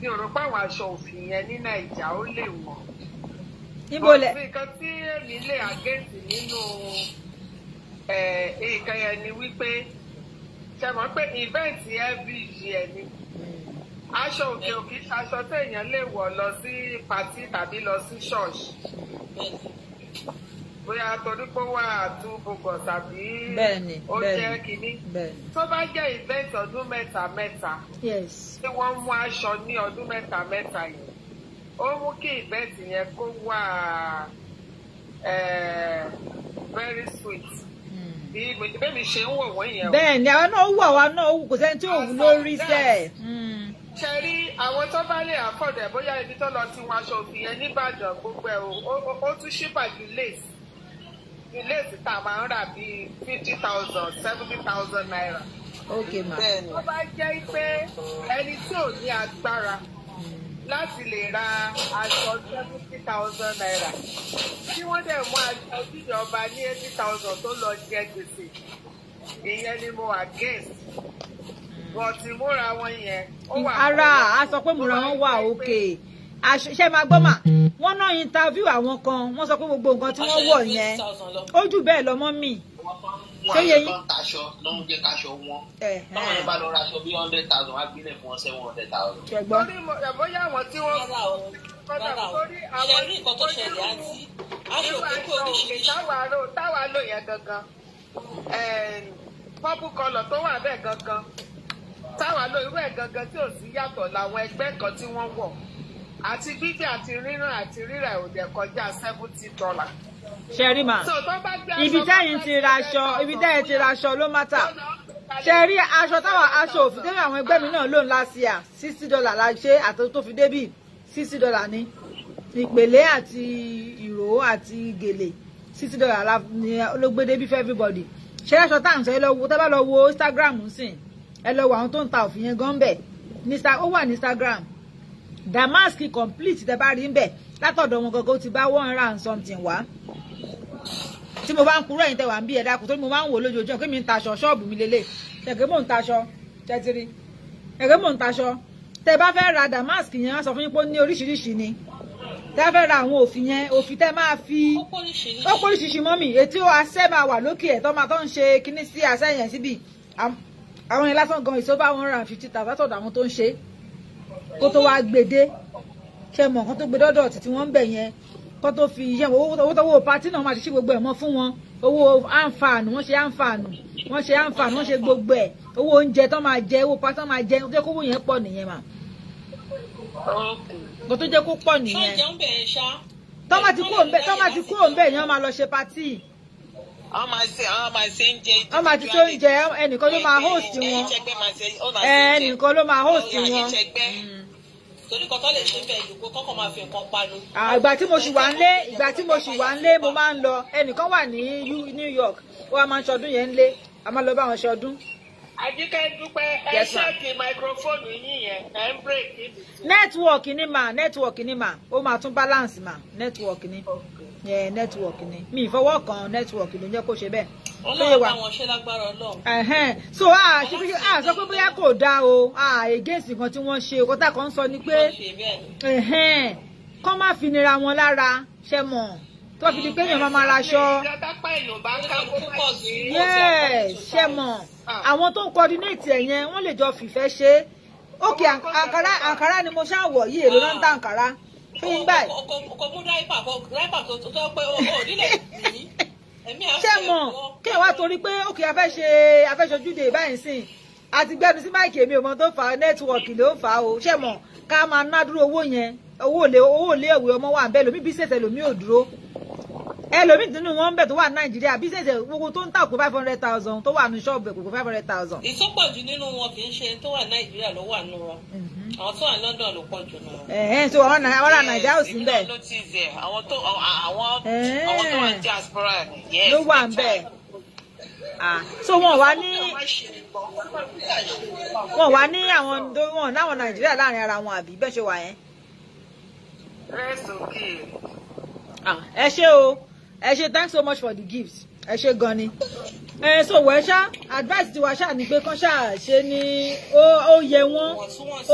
mi ò rò pé àwọn aṣọ òfin yẹn ní nàìjà ó lè wọ̀n. níbo lẹ. nǹkan tí èmi lè àgẹ́tì nínú nǹkan yẹn ni wípé ṣe pé event every year ni aṣọ òkè òkè aṣọ téèyàn lè wọ̀ lọ sí pàtí tàbí lọ sí ṣọ́ọ̀ṣì bóyá torí pé wà á tú gbogbo tàbí ó jẹ́ kínní tó bá jẹ́ event ọdún mẹ́ta mẹ́ta tí wọ́n mú aṣọ ní ọdún mẹ́ta mẹ́ta yìí ó mú kí event yẹn kó wà eh, very sweet hmm. bẹ́ẹ̀ni ṣe ń wò wọ́n yẹn o. bẹ́ẹ̀ni àwọn náà wà wá náà kò sẹ́ni tí òun ló hmm. rí sẹ́ẹ̀. ṣe àwọn tó bá lè àkọ́dẹ̀ bóyá ibi tó lọ ti wọn aṣọ òfin yẹn níbàdàn gbogbo ẹ̀ o ó tún ṣípàdé lace léèsì tá a máa ń rà bíi fifty thousand seventy thousand naira. Okay, ma bẹ́ẹ̀ ni. tó bá jẹ́ pé ẹni tí ò ní agbára láti lè ra aṣọ seventy thousand naira tí wọ́n dẹ̀ mú aṣọ ìjọba ní eighty thousand tó lọ jẹ gbèsè ìyẹn ni mo against bọ̀tì múra wọn yẹn. ara a sọ pé múra wọn wà òkè. Okay àṣẹ máa gbọ́ mà wọ́n náà interview àwọn kan wọ́n sọ pé gbogbo nǹkan tí wọ́n wọ̀ yẹn ó jù bẹ́ẹ̀ lọ́mọ́ mi. ṣé yẹ yín. aṣọ ló ń jẹ́ káṣọ wọn. báwọn yẹn bá lọ ra aṣọ bí hundred thousand wá gbílẹ̀ fún wọn seven hundred thousand. ṣùgbọ́n bóyá àwọn tí wọ́n. rárá o ṣe rí nǹkan tó ṣẹlẹ̀ àti aṣọ òkú oríṣiríṣi. táwa lò yẹn gangan purple colour tó wà bẹ́ẹ̀ gangan táwa lò irú ẹ̀ gangan tí ò sí yàtọ̀ làwọn ẹgbẹ́ kan tí wọ́n wọ̀ àti gbígbé àti rírán àti rírà ò dẹ̀ kọjá seventy dollar. ṣẹ́rí ma ibi tẹ́yìn ti ra aṣọ ibi tẹ́yìn ti ra aṣọ ló mátà ṣẹ́rí aṣọ táwọn aṣọ òfin tẹ́lẹ̀ àwọn ẹgbẹ́ mi náà lóun láti à sixty dollar la ṣe àtọ́jú tó fi débì sixty dollar ni ìpèlé àti ìró àti gèlè sixty dollar ni olóògbé débì for everybody ṣẹ́rí aṣọ táwọn sọ ẹ lọ wo tẹ́ bá lọ wo Instagram sìn ẹ lọ wo àwọn tó ń ta òfin yẹn gan bẹ̀ ó wà ní Instagram damask complete tẹ bá rí ń bẹ látọ̀dọ̀ wọn gangan ti bá one hundred something wá tí mo bá ń kúrò ẹ̀yin tẹ wà ń bí ẹ dákun tó ní mo máa ń wò lójoojúmọ́ pé mi ń taṣọ ṣọ́ọ̀bù mi lélẹ̀ tẹ̀gẹ́ mò ń taṣọ tẹ́tírí tẹ̀gẹ́ mò ń taṣọ tẹ bá fẹ́ ra damask yẹn sọ fún yín pé ó ní oríṣiríṣi ni tẹ fẹ́ ra àwọn òfin yẹn òfin tẹ máa fi ó póríṣiríṣi mọ́mì etí ó asẹ́ máa wà lókè ẹ̀ tó máa tó ń ṣe kinní sí asẹ́ yẹn síbi àwọn yẹn gan ìṣó bá one hundred fifty thousand látọ̀dọ̀ àwọn tó ń ṣe é kó tó wá gbèdé ṣe mọ̀ kó tó gbé dọ́dọ̀ títí wọ́n ń bẹ̀ yẹn kó tó fi yẹ owó tó wó pati náà máa ṣe gbogbo ẹ̀ mọ́ fún wọn owó àǹfààní wọ́n ṣe àǹfààní wọ́n ṣe àǹfààní wọ́n ṣe gbogbo ẹ̀ owó oúnjẹ tó máa jẹ owó pati tó máa jẹ kó jẹ́ kówó yẹn pọ̀ nìyẹn mà kó tó jẹ́ kó pọ̀ nìyẹn tọ́mà ti kúrò ńbẹ̀ tọ́mà ti kúrò ńbẹ̀ yẹn máa lọ ṣe pati wọ́n máa ṣe àwọn máa ṣe oúnjẹ. wọ́n máa ti tó oúnjẹ ẹnìkan ló máa host wọn ẹnìkan ló máa host wọn torí kọ̀tọ́ lè ṣe bẹ́ẹ̀ yòókù kọ́kọ́ máa fi nǹkan panu. ìgbà tí mo ṣì wà ńlé ìgbà tí mo ṣì wà ńlé mo máa ń lọ ẹnìkan wà ní New York ó wá máa ń ṣọdún yẹn ńlé a máa lọ bá wọn ṣọdún. àdìkẹ́ dúpẹ́ ẹ ṣáàkì máikrófóònù yín yẹn ẹ ń bírèkì. nẹ́tíwọ̀kì ni mà nẹ́tíwọ̀kì ni mà ó máa tún báláǹsì mà nẹ́tíwọ̀kì ni. Okay yẹn network ni mi ìfọwọ́ kan network ló ń jẹ́ kó ṣe bẹ́ẹ̀ ọlọ́run àwọn ṣe lágbára ọlọ́run. so a ṣe pé a sọ pé bóyá kò dáa o against nǹkan tí wọ́n ṣe kọ́tà kan sọ ni pé kọ́ má fi nira wọn lára ṣe mọ̀ tó fi di pé èèyàn máa raṣọ. yes ṣe mọ̀ àwọn to coordinate ẹ̀ yẹn wọ́n lè jọ fìfẹ́ ṣe é Ankara, àǹkárá ni mo ṣáà wọ̀ yìí èrò náà ń tà àǹkárá fún báyìí. kò mú dáìpà kò dáìpà tó tó pé o nílé yìí ẹ̀mí ẹ̀ ṣe mọ̀ kí ẹ̀ wá torí pé òkè afẹ́ ṣe afẹ́ ṣojúde báyìí sìn àti gbẹnu sí máìkì èmi ò mọ tó fà á nẹ́tíwọ̀kì ló fà á o ṣe mọ̀ ká máa ná dúró owó yẹn owó òlé owó òlé ẹ̀wé ọmọ wà bẹ́ẹ̀ lómi bísẹ̀sì ẹlòmí ò dúró ẹlòmí nínú wọn bẹ̀ tó wà nàìjíríà bísẹ̀sì gbogbo tó ń tà kó five hundred thousand tó wà ní ṣọ́ọ̀bù kó five hundred thousand. ìsopọ̀jù nínú wọn kì í ṣe tó wà nàìjíríà ló wà nù wọn mhm àwọn tó wà ní London ló pọ̀ jù náà. ẹ̀hẹ́n so àwọn ará nàìjíríà ò sí bẹ́ẹ̀. ló ti zẹ̀ àwọn tó àwọn tó wà ní diaspora ni. ló ń bẹ̀ so wọn wá ní wọn wá ní àwọn wọn láwọn nàìjíríà láàrin ara wọn àbí bẹ́ẹ̀ ṣe wà yẹn. okay. ẹ ṣé o ẹ ṣé thanks so much for the gift ẹ ṣe gan ni ẹ so wẹ ṣá advice tiwa ṣá ni pé kán ṣá ṣe ni ó yẹ wọn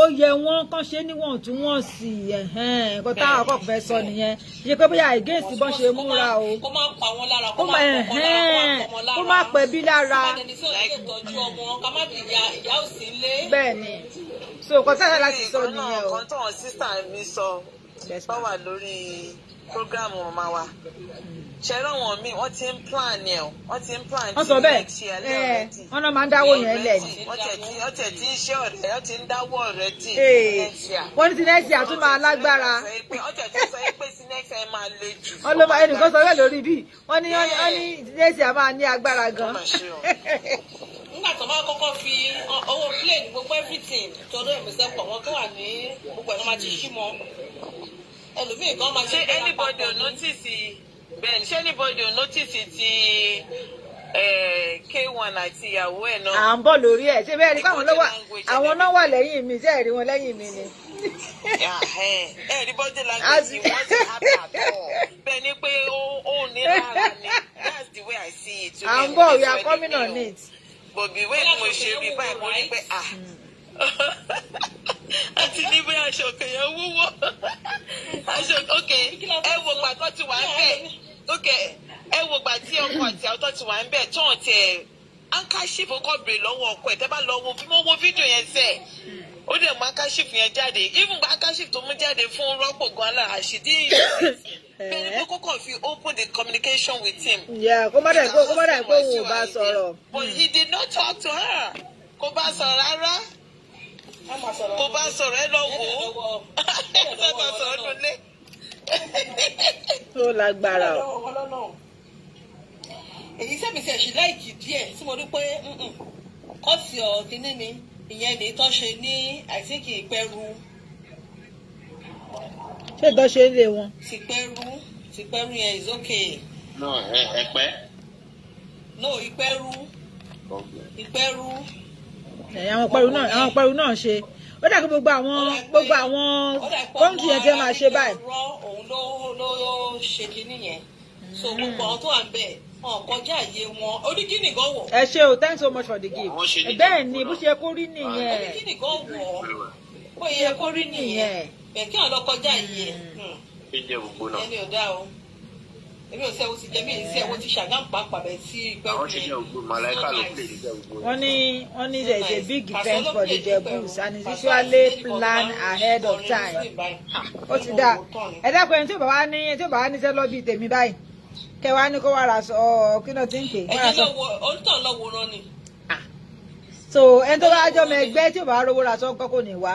ó yẹ wọn kán ṣe níwọ̀ntúnwọ̀nsì nǹkan tá a kọ́ fẹ́ sọ nìyẹn ṣe pé bóyá against bọ́n ṣe múra o kó má pa wọn lára kó má pọ̀ lára kó má pẹ̀ bí lára bẹ́ẹ̀ ni so nǹkan tá a láti sọ nìyẹn o. ọ̀kan sísà mi sọ báwa lórí prógráàmù ọ̀ma wa ṣe ráwọn míì wọ́n ti ń plan ẹ̀ o wọ́n plan ti next year lẹ́ẹ̀rẹ́dì wọ́n náà máa ń dáwọ́ yẹn lẹ̀ ni. wọ́n tẹ̀ tí ń ṣe ọ̀rẹ́ wọ́n ti ń dáwọ́ ọ̀rẹ́ tì next year. ti next year tún máa lágbára. wọ́n tẹ̀ tí sọ pé sí next year máa le jù. wọ́n ló máa ẹnìkan sọ bẹ́ẹ̀ lórí bí wọ́n ní wọ́n eh. next year máa ní agbára gan. nígbà tó bá kọ́kọ́ fi owó plane gbogbo everything tọdọ ẹ̀mísẹ́pọ̀ wọn tó wà ní gbogbo ẹ̀ ló máa ti ṣí mọ́ ẹlòmíì kan máa ṣe é. ṣé anybody notice bẹ́ẹ̀ ni ṣé anybody ò notice ti eh, k1 àti ìyàwó ẹ̀ náà. à ń bọ̀ lórí ẹ̀ ṣé bẹ́ẹ̀ ni káwọn àwọn náà wà lẹ́yìn mi ṣé ẹ̀ rí wọn lẹ́yìn mi ni. ẹ rí eh, eh, body language yìí wọ́n ti happy at bẹ́ẹ̀ ni pé ó ní lára ni that's the way I see it. à ń bọ̀ we are coming on it. wẹ́ẹ̀ ni mo ṣe rí báyìí mo rí pé ah. Hmm. àti ní bí aṣọ kan yẹn wúwo aṣọ ok ẹ wo gbàtọ́ ti wà ń bẹ̀ ok ẹ wo gbà tí ọkọ àti àwọn ti wà ń bẹ̀ tó hàn tiẹ̀ ankaṣífù kọ́ bèrè ọkọ ẹ̀ tẹ́ bá lọ wo mo wo fídíò yẹn sẹ̀ ó dẹ̀ mú ankaṣífù yẹn jáde even gba ankaṣífù tó mú jáde fún rọ́pò gan-an àṣìdí ìrẹsì bẹ́ẹ̀ ni eh. kókó fi open the communication with him. kó má dà kó má dà kó òun bá sọ̀rọ̀. but he did not talk to her kó bá sọ̀rọ̀ rárá kò bá sọ̀rọ̀ ẹ lọ wò ó ẹ bá sọ̀rọ̀ lọ lé. tó lágbára o. èyí sẹ́mi sì ẹ̀sìn láìkì díẹ̀ tí mo rí pé kọ́ọ̀tì ọ̀kínní ni ìyẹn lè tọ́ ṣe ní àìsíkì ìpẹ́rù. ṣé ìtọ́ ṣe é lé wọn. tìpẹ́rù tìpẹ́rù yẹn is okay. no ẹ ẹ pẹ́. no ìpẹ́rù ìpẹ́rù. Okay. Eh, àwọn pẹ̀rù náà àwọn pẹ̀rù náà ṣe ó dà gbogbo àwọn gbogbo àwọn kọ́ńtì yẹn ti máa ṣe báyìí. òun ló ló ṣe kinní yẹn so hmm. gbogbo àwọn tó ń bẹ̀ kọjá àyè wọn orígìnì gan wọ̀. ẹ ṣe o thanks so much for the gift bẹ́ẹ̀ ni bó ṣe yẹ kó rí nìyẹn. orígìnì gan wọ̀ bó ṣe kó rí nìyẹn hmm. bẹ́ẹ̀ kí lọ kọjá àyè hmm. ẹni ò dá o èmi ò sẹ́ o ti jẹ́ mi ì sí ti ṣàgámù pàápàá bẹ̀ sí ìgbà òkè. wọ́n ti ògbó màláìka ló pè ní ìjẹ́gbó. wọ́n ní wọ́n ní there is a big event for the Jebus and it's usually planned ahead of time. ó ti dáa ẹ dákun ẹni tí ó bá wá ní ẹni tí ó bá wá níṣẹ́ lọ́bì tèmi báyìí kẹ wá ní kó wá ra sọ ọ kí náà ti ń pè. ẹ̀yin lọ́wọ́ onítàn lọ́wọ́ rán ni. Ah. so ẹni tó bá jọ́ mọ ẹgbẹ́ tí ò bá rówó ra sọ kọ́kọ́ ní wá.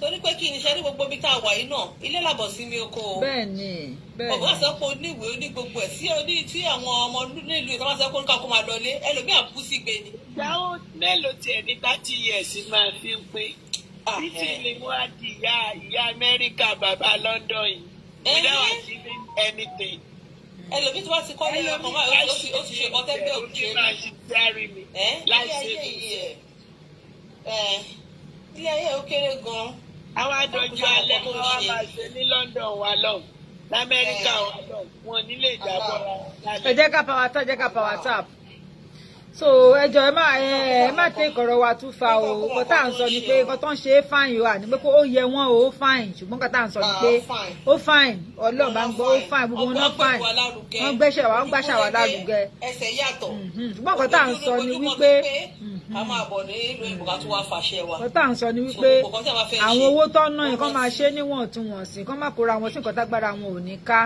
torí pé kí n ṣe ní gbogbo ibi tá a wà yìí náà ilé làbọ̀ sí mi oko o. bẹ́ẹ̀ni bẹ́ẹ̀ni oníwèé oní ẹ sí oní tí àwọn ọmọ nílùú ìtọ́lá sọ pé kakó máa lọlé ẹlòmíì àbú sí gbé ni. ìyàwó mélòó tiẹ̀ ní thirty years máa fi ń pé ah, títí lè mú àdì ìyá ìyá amẹ́ríkà bàbá London yìí eh. without achieving anything. ẹlòmíì tí wọ́n ti kọ́ ní ọkàn wáyé ó ti ṣe ọtẹ́gbẹ́ òkè eh? láì ṣe eh, ilé ayé ó kéré gan-an àwa dọjú alẹ́ kó wá máa ṣe ní London wa lọ́hùn lamẹ́ríkà wọn nílé ìjábọ̀. ẹ jẹ́ ká power tap ẹ jẹ́ ká power tap so ẹjọ ẹ má ẹ má tẹ ìkọ̀rọ̀ wa tún fa o nǹkan tá à ń sọ ni pé nǹkan tó ń ṣe é fáìn o àní pé kó ó yẹ wọn o ó fáìn ṣùgbọ́n nǹkan tá à ń sọ ni pé ah, ó fáìn ọlọ́run bá ń gbọ́ ó fáìn gbogbo wọn náà fáìn wọ́n gbẹ́sẹ̀ wa wọ́n gbàṣà wa lárugẹ ẹsẹ̀ yàtọ̀ mm-hmm. ṣùgbọ́n nǹkan tá à ń sọ ni wípé a máa bọ̀ ní ìlú ìbùkà tó wá fàṣẹ wa. nǹkan tá à ń sọ ni wípé àwọn owó tó ń ná yẹn kán máa ṣe níwọ̀ntúnwọ̀nsì kán má kóra wọn sí nǹkan tágbára wọn ò ní ká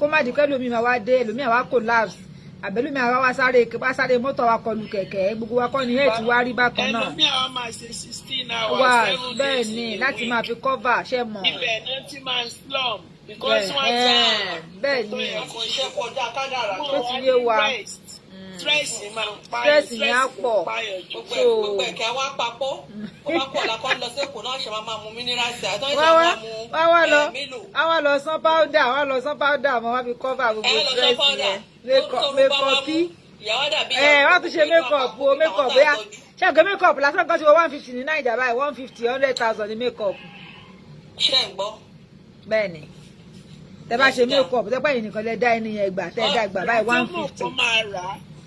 kó má di lómi máa wá dé lómi àwa collapse àbẹ́lùmí àwa wá sáré bá sáré mọ́tò wa kọlù kẹ̀kẹ́ gbogbo wa kọ́ ni eight wá rí bákan náà. ẹlòmí àwa máa ṣe sixteen hours wà, seven days bẹ́ẹ̀ ni láti máa fi cover ṣe mọ̀. ibẹ̀ ni ó ti máa ń slum because wọ́n ti àná. bẹ́ẹ̀ ni ó ti yé wa stress máa ń pa ẹ̀ stress kò pa ẹ̀ jù. gbogbo ẹ̀kẹ́ wá papọ̀ ó bá kọ̀ làkọ́ lọ sí èkó náà ṣe máa máa mu minerals àti àwọn ìṣe máa mu mílò. wá eh, wá lọ sán powder wá lọ sán powder mo wá fi cover gbogbo stress yẹn mekọpí ẹ eh, wá tún ṣe mekọpù o mekọpù yá ṣé àgbẹ̀ mekọpù lásán kan ti wọ one fifty ní naija báyìí one fifty hundred thousand ní mekọpù. ṣé ń gbọ́. bẹ́ẹ̀ ni tẹ bá ṣe mekọpù tẹ bá yìí nìkan lẹ dá ẹni yẹn gbà tẹ dá gbà báyìí one fifty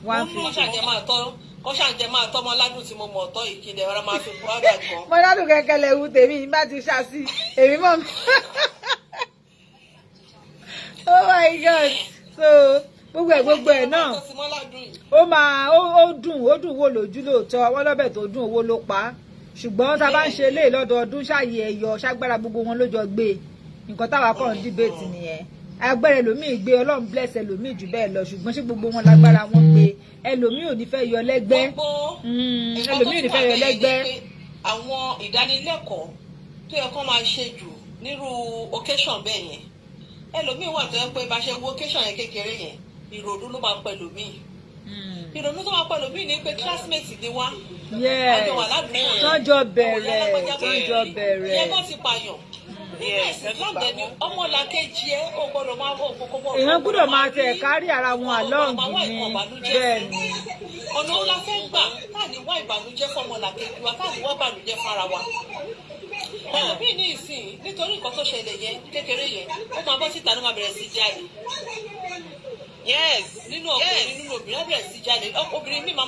one fifty. wọ́n ṣàjẹ́ máa tọ́ wọ́n ṣàjẹ́ máa tọ́ Mọ́ládùn tí mo mọ̀ tọ́ ìkìlẹ̀ ọ̀rọ̀ máa fi kúrò àgbà kan. Mọ́ládùn kẹ̀kẹ́ lè wu tèmi bá ti ṣàṣì èmi mọ̀ mi. oh my god so gbogbo ẹ gbogbo ẹ náà ó máa ó dùn ó dùn wò lójú lóòótọ́ wọ́n lọ́bẹ̀ tó dùn owó ló pa á ṣùgbọ́n tá a bá ń ṣe eléyìí lọ́dọọdún ṣáàyè ẹ̀yọ ṣágbára gbogbo wọn ló jọ gbé nǹkan táwa kàn ń díbètì nìyẹn agbára ẹlòmíì gbé ọlọ́run bless ẹlòmíì jù bẹ́ẹ̀ lọ ṣùgbọ́n ṣé gbogbo wọn lágbára wọn gbé ẹlòmíì ò ní fẹ́ yọ lẹ́gbẹ́ hmm, ẹlòmíì ò ní fẹ́ yọ lẹ́gbẹ́. àwọn ìdánilẹ́kọ̀ọ́ tó yẹ kó máa ṣe jù nírú occasion bẹ́ẹ̀ yẹn ẹlòmíì wà tó yẹ pé bá ṣe wo occasion yẹn kékeré yẹn ìrònú ló máa pẹ̀lú míì hmm. ìrònú tó máa pẹ̀lú míì ni pé classmate ni wá. tọ́jọ́ bẹ̀rẹ̀ tọ́jọ́ bẹ̀rẹ̀ ìyẹn kó ti èèyàn gbọ́dọ̀ máa tẹ̀ kárí ara wọn àlọ́ǹgì ni bẹ́ẹ̀ ni. ọ̀nà ńlá fẹ́ gbà káàní wá ìbànújẹ́ fọmọlàkejì wa káàní wá ìbànújẹ́ fara wa. ẹ̀rọ nítorí nǹkan tó yẹn kékeré yẹn ó máa bọ́ síta ló máa bẹ̀rẹ̀ nínú ọkùnrin nínú obìnrin á bẹ̀rẹ̀ sí jáde obìnrin mi máa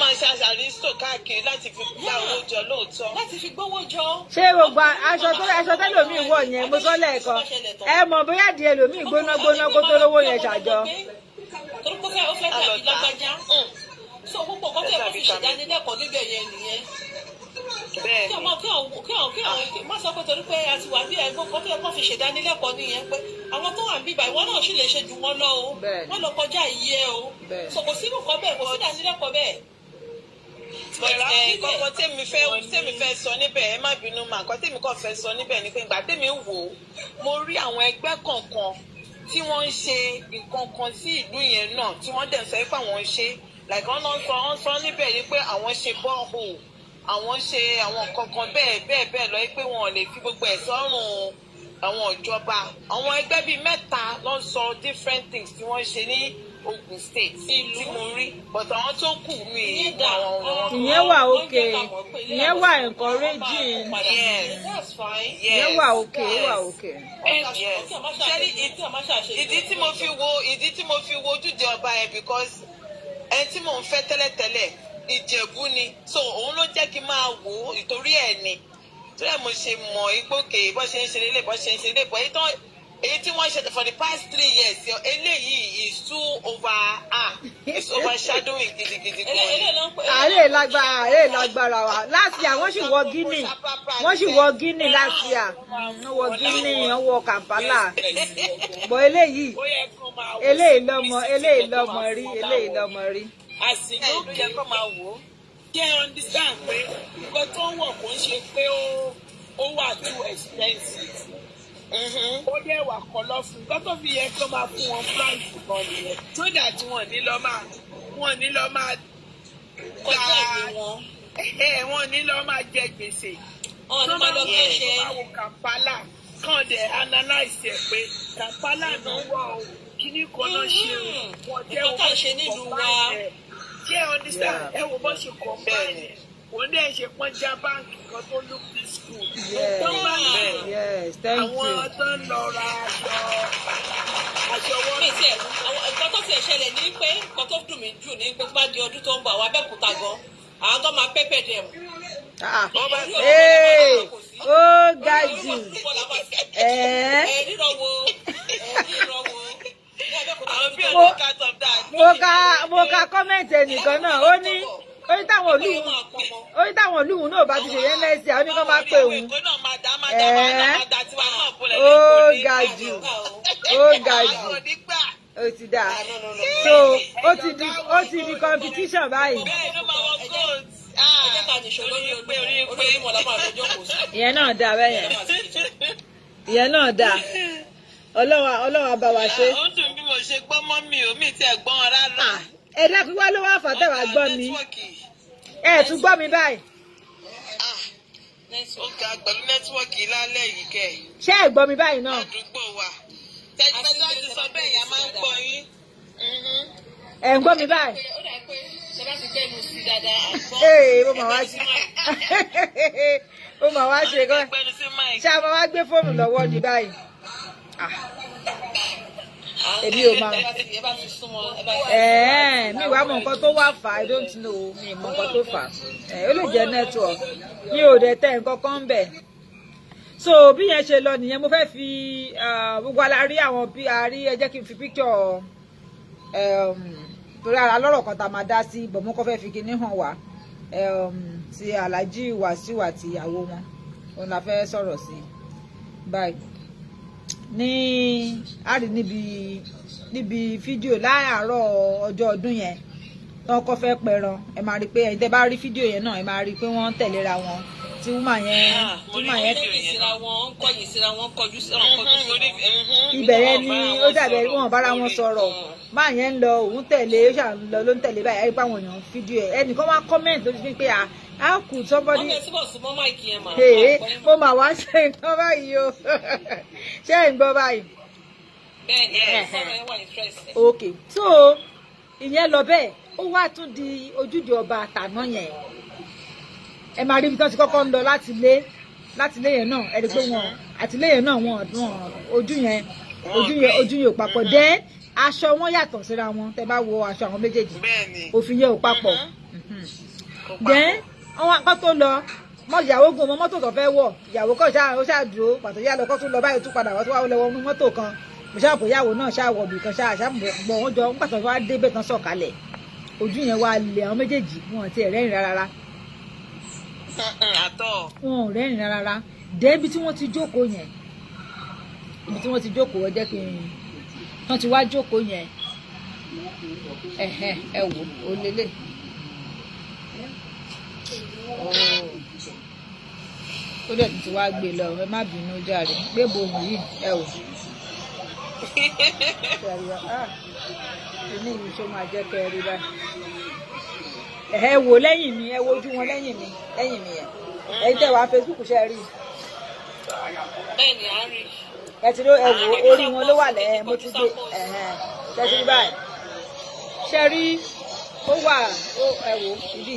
máa ṣe àṣàrísò káàkiri láti fi gba owó jọ lóòótọ́. láti fi gbówó jọ. ṣé gbogbo aṣọ tó aṣọ tẹlómi wọ yẹn mo sọ lẹ́ẹ̀kan ẹ mọ̀ bóyá di ẹlòmíì gbóná gbóná kó tó lówó yẹn ṣàjọ. torí pé ó fẹ́ tàbí lágbájá hmm. so gbogbo nǹkan tó yẹ kó fi ṣèdánilẹ́kọ̀ọ́ níbẹ̀ yẹn nìyẹn kí ọmọ kí ọmọ kí ọmọ kí ọmọ má sọ pé torí pé a ti wà bí ẹ̀gbọ́n kan tó yẹ kó fi ṣèdánilẹ́kọ̀ọ́ nìyẹn pé àwọn tó wà ń bíbà ìwọ náà sì lè ṣe jù wọn lọ o wọn lọ kọjá ìyẹ o so kò sí nǹkan bẹ́ẹ̀ kò sí ìdánilẹ́kọ̀ọ́ bẹ́ẹ̀. bọ̀dá kọ́kọ́ tèmi fẹ́ tèmi fẹ́ sọ níbẹ̀ ẹ má bínú mà kọ́ tèmi kọ́ fẹ́ sọ níbẹ̀ ni pé ìgbà tèmi wò ó mo rí àwọn ẹgbẹ́ kọ̀ọ̀kan tí wọ́n ń ṣe nǹkan kan sí ìlú yẹn náà tí wọ́n dẹ̀ sọ pé àwọn ṣe like wọ́n náà sọ wọ́n sọ níbẹ̀ ni pé àwọn ṣe bọ́ọ̀hù àwọn ṣe àwọn nǹkan kan bẹ́ẹ̀ bẹ́ẹ̀ bẹ́ẹ̀ lọ pé wọn ò lè fi gbogbo ẹ̀ sọ́rùn àwọn ìjọba àwọn ẹgbẹ́ bíi mẹ́ta ló ń sọ different things tí wọ́n ṣe ní Ogun State tí mo rí but àwọn tó kù mí ìgbà àwọn ọmọ. ìyẹn wà òkè ìyẹn wà encouraging ìyẹn wà òkè ó wà òkè. ìdí tí mo fi wo ìdí tí mo fi wo ojúde ọba yẹn because ẹni tí mò ń fẹ́ tẹ́lẹ̀tẹ́lẹ̀ ìjẹ̀bú ni so òun ló jẹ́ kí n máa wò ó ìtorí ẹ̀ ni torí ẹ̀ mo ṣe mọ̀ ìgbókè bó ṣe ń ṣe lélẹ̀ bó ṣe ń ṣe lélẹ̀ bó èyí tán èyí tí wọ́n ṣe for the past three years eléyìí is too over ah is overshadowing gidigidi gan ni. àárẹ̀ lágbára àárẹ̀ lágbára wa last year wọ́n sì wọ Guinea wọ́n sì wọ Guinea last year wọ́n wọ Guinea wọ́n wọ Kampala bọ̀ eléyìí eléyìí lọ́mọ eléyìí lọ́mọ rí eléyìí lọ́mọ rí àsìkò yẹ kó máa wò ó kí ẹ understand pé nǹkan tó ń wọ̀ kó ń ṣe pé ó wà too expensive mm-hmm. ó dẹ̀ wà kọlọ́fù nǹkan tó fi yẹ kó máa fún wọn price kan nìyẹn tó dà tí wọ́n ní lọ máa wọ́n ní lọ máa kọjá ẹ̀mí wọn wọ́n ní lọ máa jẹ gbèsè wọ́n máa lọ fẹ́ ṣe Kampala kàn dẹ̀ analyse ẹ̀ pé Kampala náà wà ó kíní kan náà ṣe mm-hmm. wọ́n jẹ́ òkú ọ̀pá ẹ̀ ṣé ọdísà ẹ wò bó ṣe kọ báyìí òun náà ṣe pọ́n já báńkì kan tó ló fi skul tó pọ́n báńkì àwọn tó ń lọ ra aṣọ aṣọ wọn. pèsè nǹkan tó ti ṣẹlẹ̀ ní pé nǹkan tó dùn mí jù ní pé tó bá di ọdún tó ń bọ̀ àwọn abẹ́kúta gan àwọn tó máa pẹ́pẹ́ dẹ̀ mú. ó ga jù ẹ̀ẹ́. ẹ̀ẹ́ rírọ̀ wo ẹ̀ẹ́ eh, rírọ̀ wo mo ka mo ka kọ́mẹ̀ntì ẹnìkan náà ó ní ó táwọn olúwo náà bá ti ṣe yẹn lẹ́sìn àwọn oníkan máa pè òun ẹ̀ẹ́ ó ga jù ó ga jù ó ti dà so ó ti di ó ti di competition báyìí ìyẹn náà dà bẹ́ẹ̀ yẹn ìyẹn náà dà ọlọ́wà ọlọ́wà bá wa ṣe. ó dùn bí mo ṣe gbọ́ mọ́ mi ò mí ti ẹ̀ gbọ́n rárá. Ah, ẹ dákun wá ló wá fà tẹ̀wá gbọ́ mi ẹ tún gbọ́ mi báyìí. ó ah, ga pẹ̀lú nẹ́tíwọ́ọ̀kì lálẹ́ yìí kẹ́. ṣé ẹ gbọ́ mi báyìí náà. àdúgbò wa tẹ̀síwájú ti sọ bẹ́ẹ̀ yà máa ń gbọ́ yín. ẹ ń gbọ́ mi báyìí. ó dà pé ṣọlá ti fẹ́ mu sí dáadáa ee mo máa wá ṣe mo máa wá ṣe gan ṣé a máa wá gbé fóònù lọ́wọ́ ní báyìí. Ah. èmi ò máa mi wá mọ nǹkan tó wá fà i don't know mi mọ nǹkan tó fà á ó lè jẹ network mi ò dẹ̀ tẹ nǹkan kan bẹ̀ so bí yẹn ṣe lọ nìyẹn mo fẹ́ fi ah, gbogbo ala rí àwọn bí a rí kí n fi picture. Ehm, torí ara lọ́rọ̀ kan tá a máa dá sí bọ̀ mo kọ́ fẹ́ fi kinní hàn wá ehm, ti Alhaji Wasiu àti ìyàwó wọn òun la fẹ́ sọ̀rọ̀ sí báyìí ní àrí níbi níbi fídíò láàárọ̀ ọjọ́ ọdún yẹn tán kọ́ fẹ́ pẹran ẹ máa rí pé ẹ tẹ́ bá rí fídíò yẹn náà ẹ máa rí pé wọ́n tẹ̀léra wọn tí wúmà yẹn ah, wúmà yẹn ìbẹ̀rẹ̀ ni ó dàbẹ̀ wọn bára wọn sọ̀rọ̀ máa yẹn ń lọ òun tẹ̀lé ó ṣà ń lọ ló ń tẹ̀lé báyìí ẹ rí i pé àwọn èèyàn fídíò ẹ ẹnìkan wá kọ́mẹ̀ntì lórí pé à ah, how could somebody. Hey, for my wife. mọ́ máìkì yẹn mà. mo mà wá ṣe nǹkan so in your bẹ́ẹ̀ ó What tún the ojúde ọba àtàná yẹn ẹ máa rí ibi tí wọ́n ti kọ́kọ́ ń lọ láti lé láti lé yẹn náà ẹ rí pé wọn àti lé yẹn náà wọn ọdún ojú yẹn ojú yẹn ojú yẹn ò papọ̀ dẹ́ aṣọ wọn yàtọ̀ síra wọn tẹ bá wo aṣọ àwọn méjèèjì òfin yẹn ò papọ̀ dẹ́ àwọn akọ́ tó lọ mọ ìyàwó gun ọmọ mọ́tò tó fẹ́ wọ̀ ìyàwó kọ́ ṣáà ó ṣáà dúró pàtó yá lọ kọ́ tún lọ báyìí tún padà wá tó wá lọ́wọ́ mú mọ́tò kan mo ṣáà kó ìyàwó náà ṣáà wọ̀ kan ṣáà ṣáà gbọ̀n wọn jọ ń pàtó wá dé bẹ́ẹ̀ sọ̀kalẹ̀ ojú yẹn wá lé àwọn méjèèjì wọn àti ẹ̀rẹ́rìn rárá wọn ò rẹ́rìn rárá débi tí wọ́n ti jókòó yẹn ibi tí wọ́n ti jókòó ẹ jẹ́ kí ó dẹ̀ ti wá gbé lọ ẹ má bínú jàre gbé bomi yìí ẹ ò inú mi tó máa jẹ́ kẹ́ ẹ rí báyìí ẹ wò lẹ́yìn mi ẹ wojú wọn lẹ́yìn mi lẹ́yìn mi yẹn ẹ tẹ̀ wá Facebook ṣe rí ẹ ti ló ẹ wò orí wọn ló wà lẹ́yìn mo ti gbé ṣe ti rí báyìí ṣe rí ó wà ẹ wò ibi.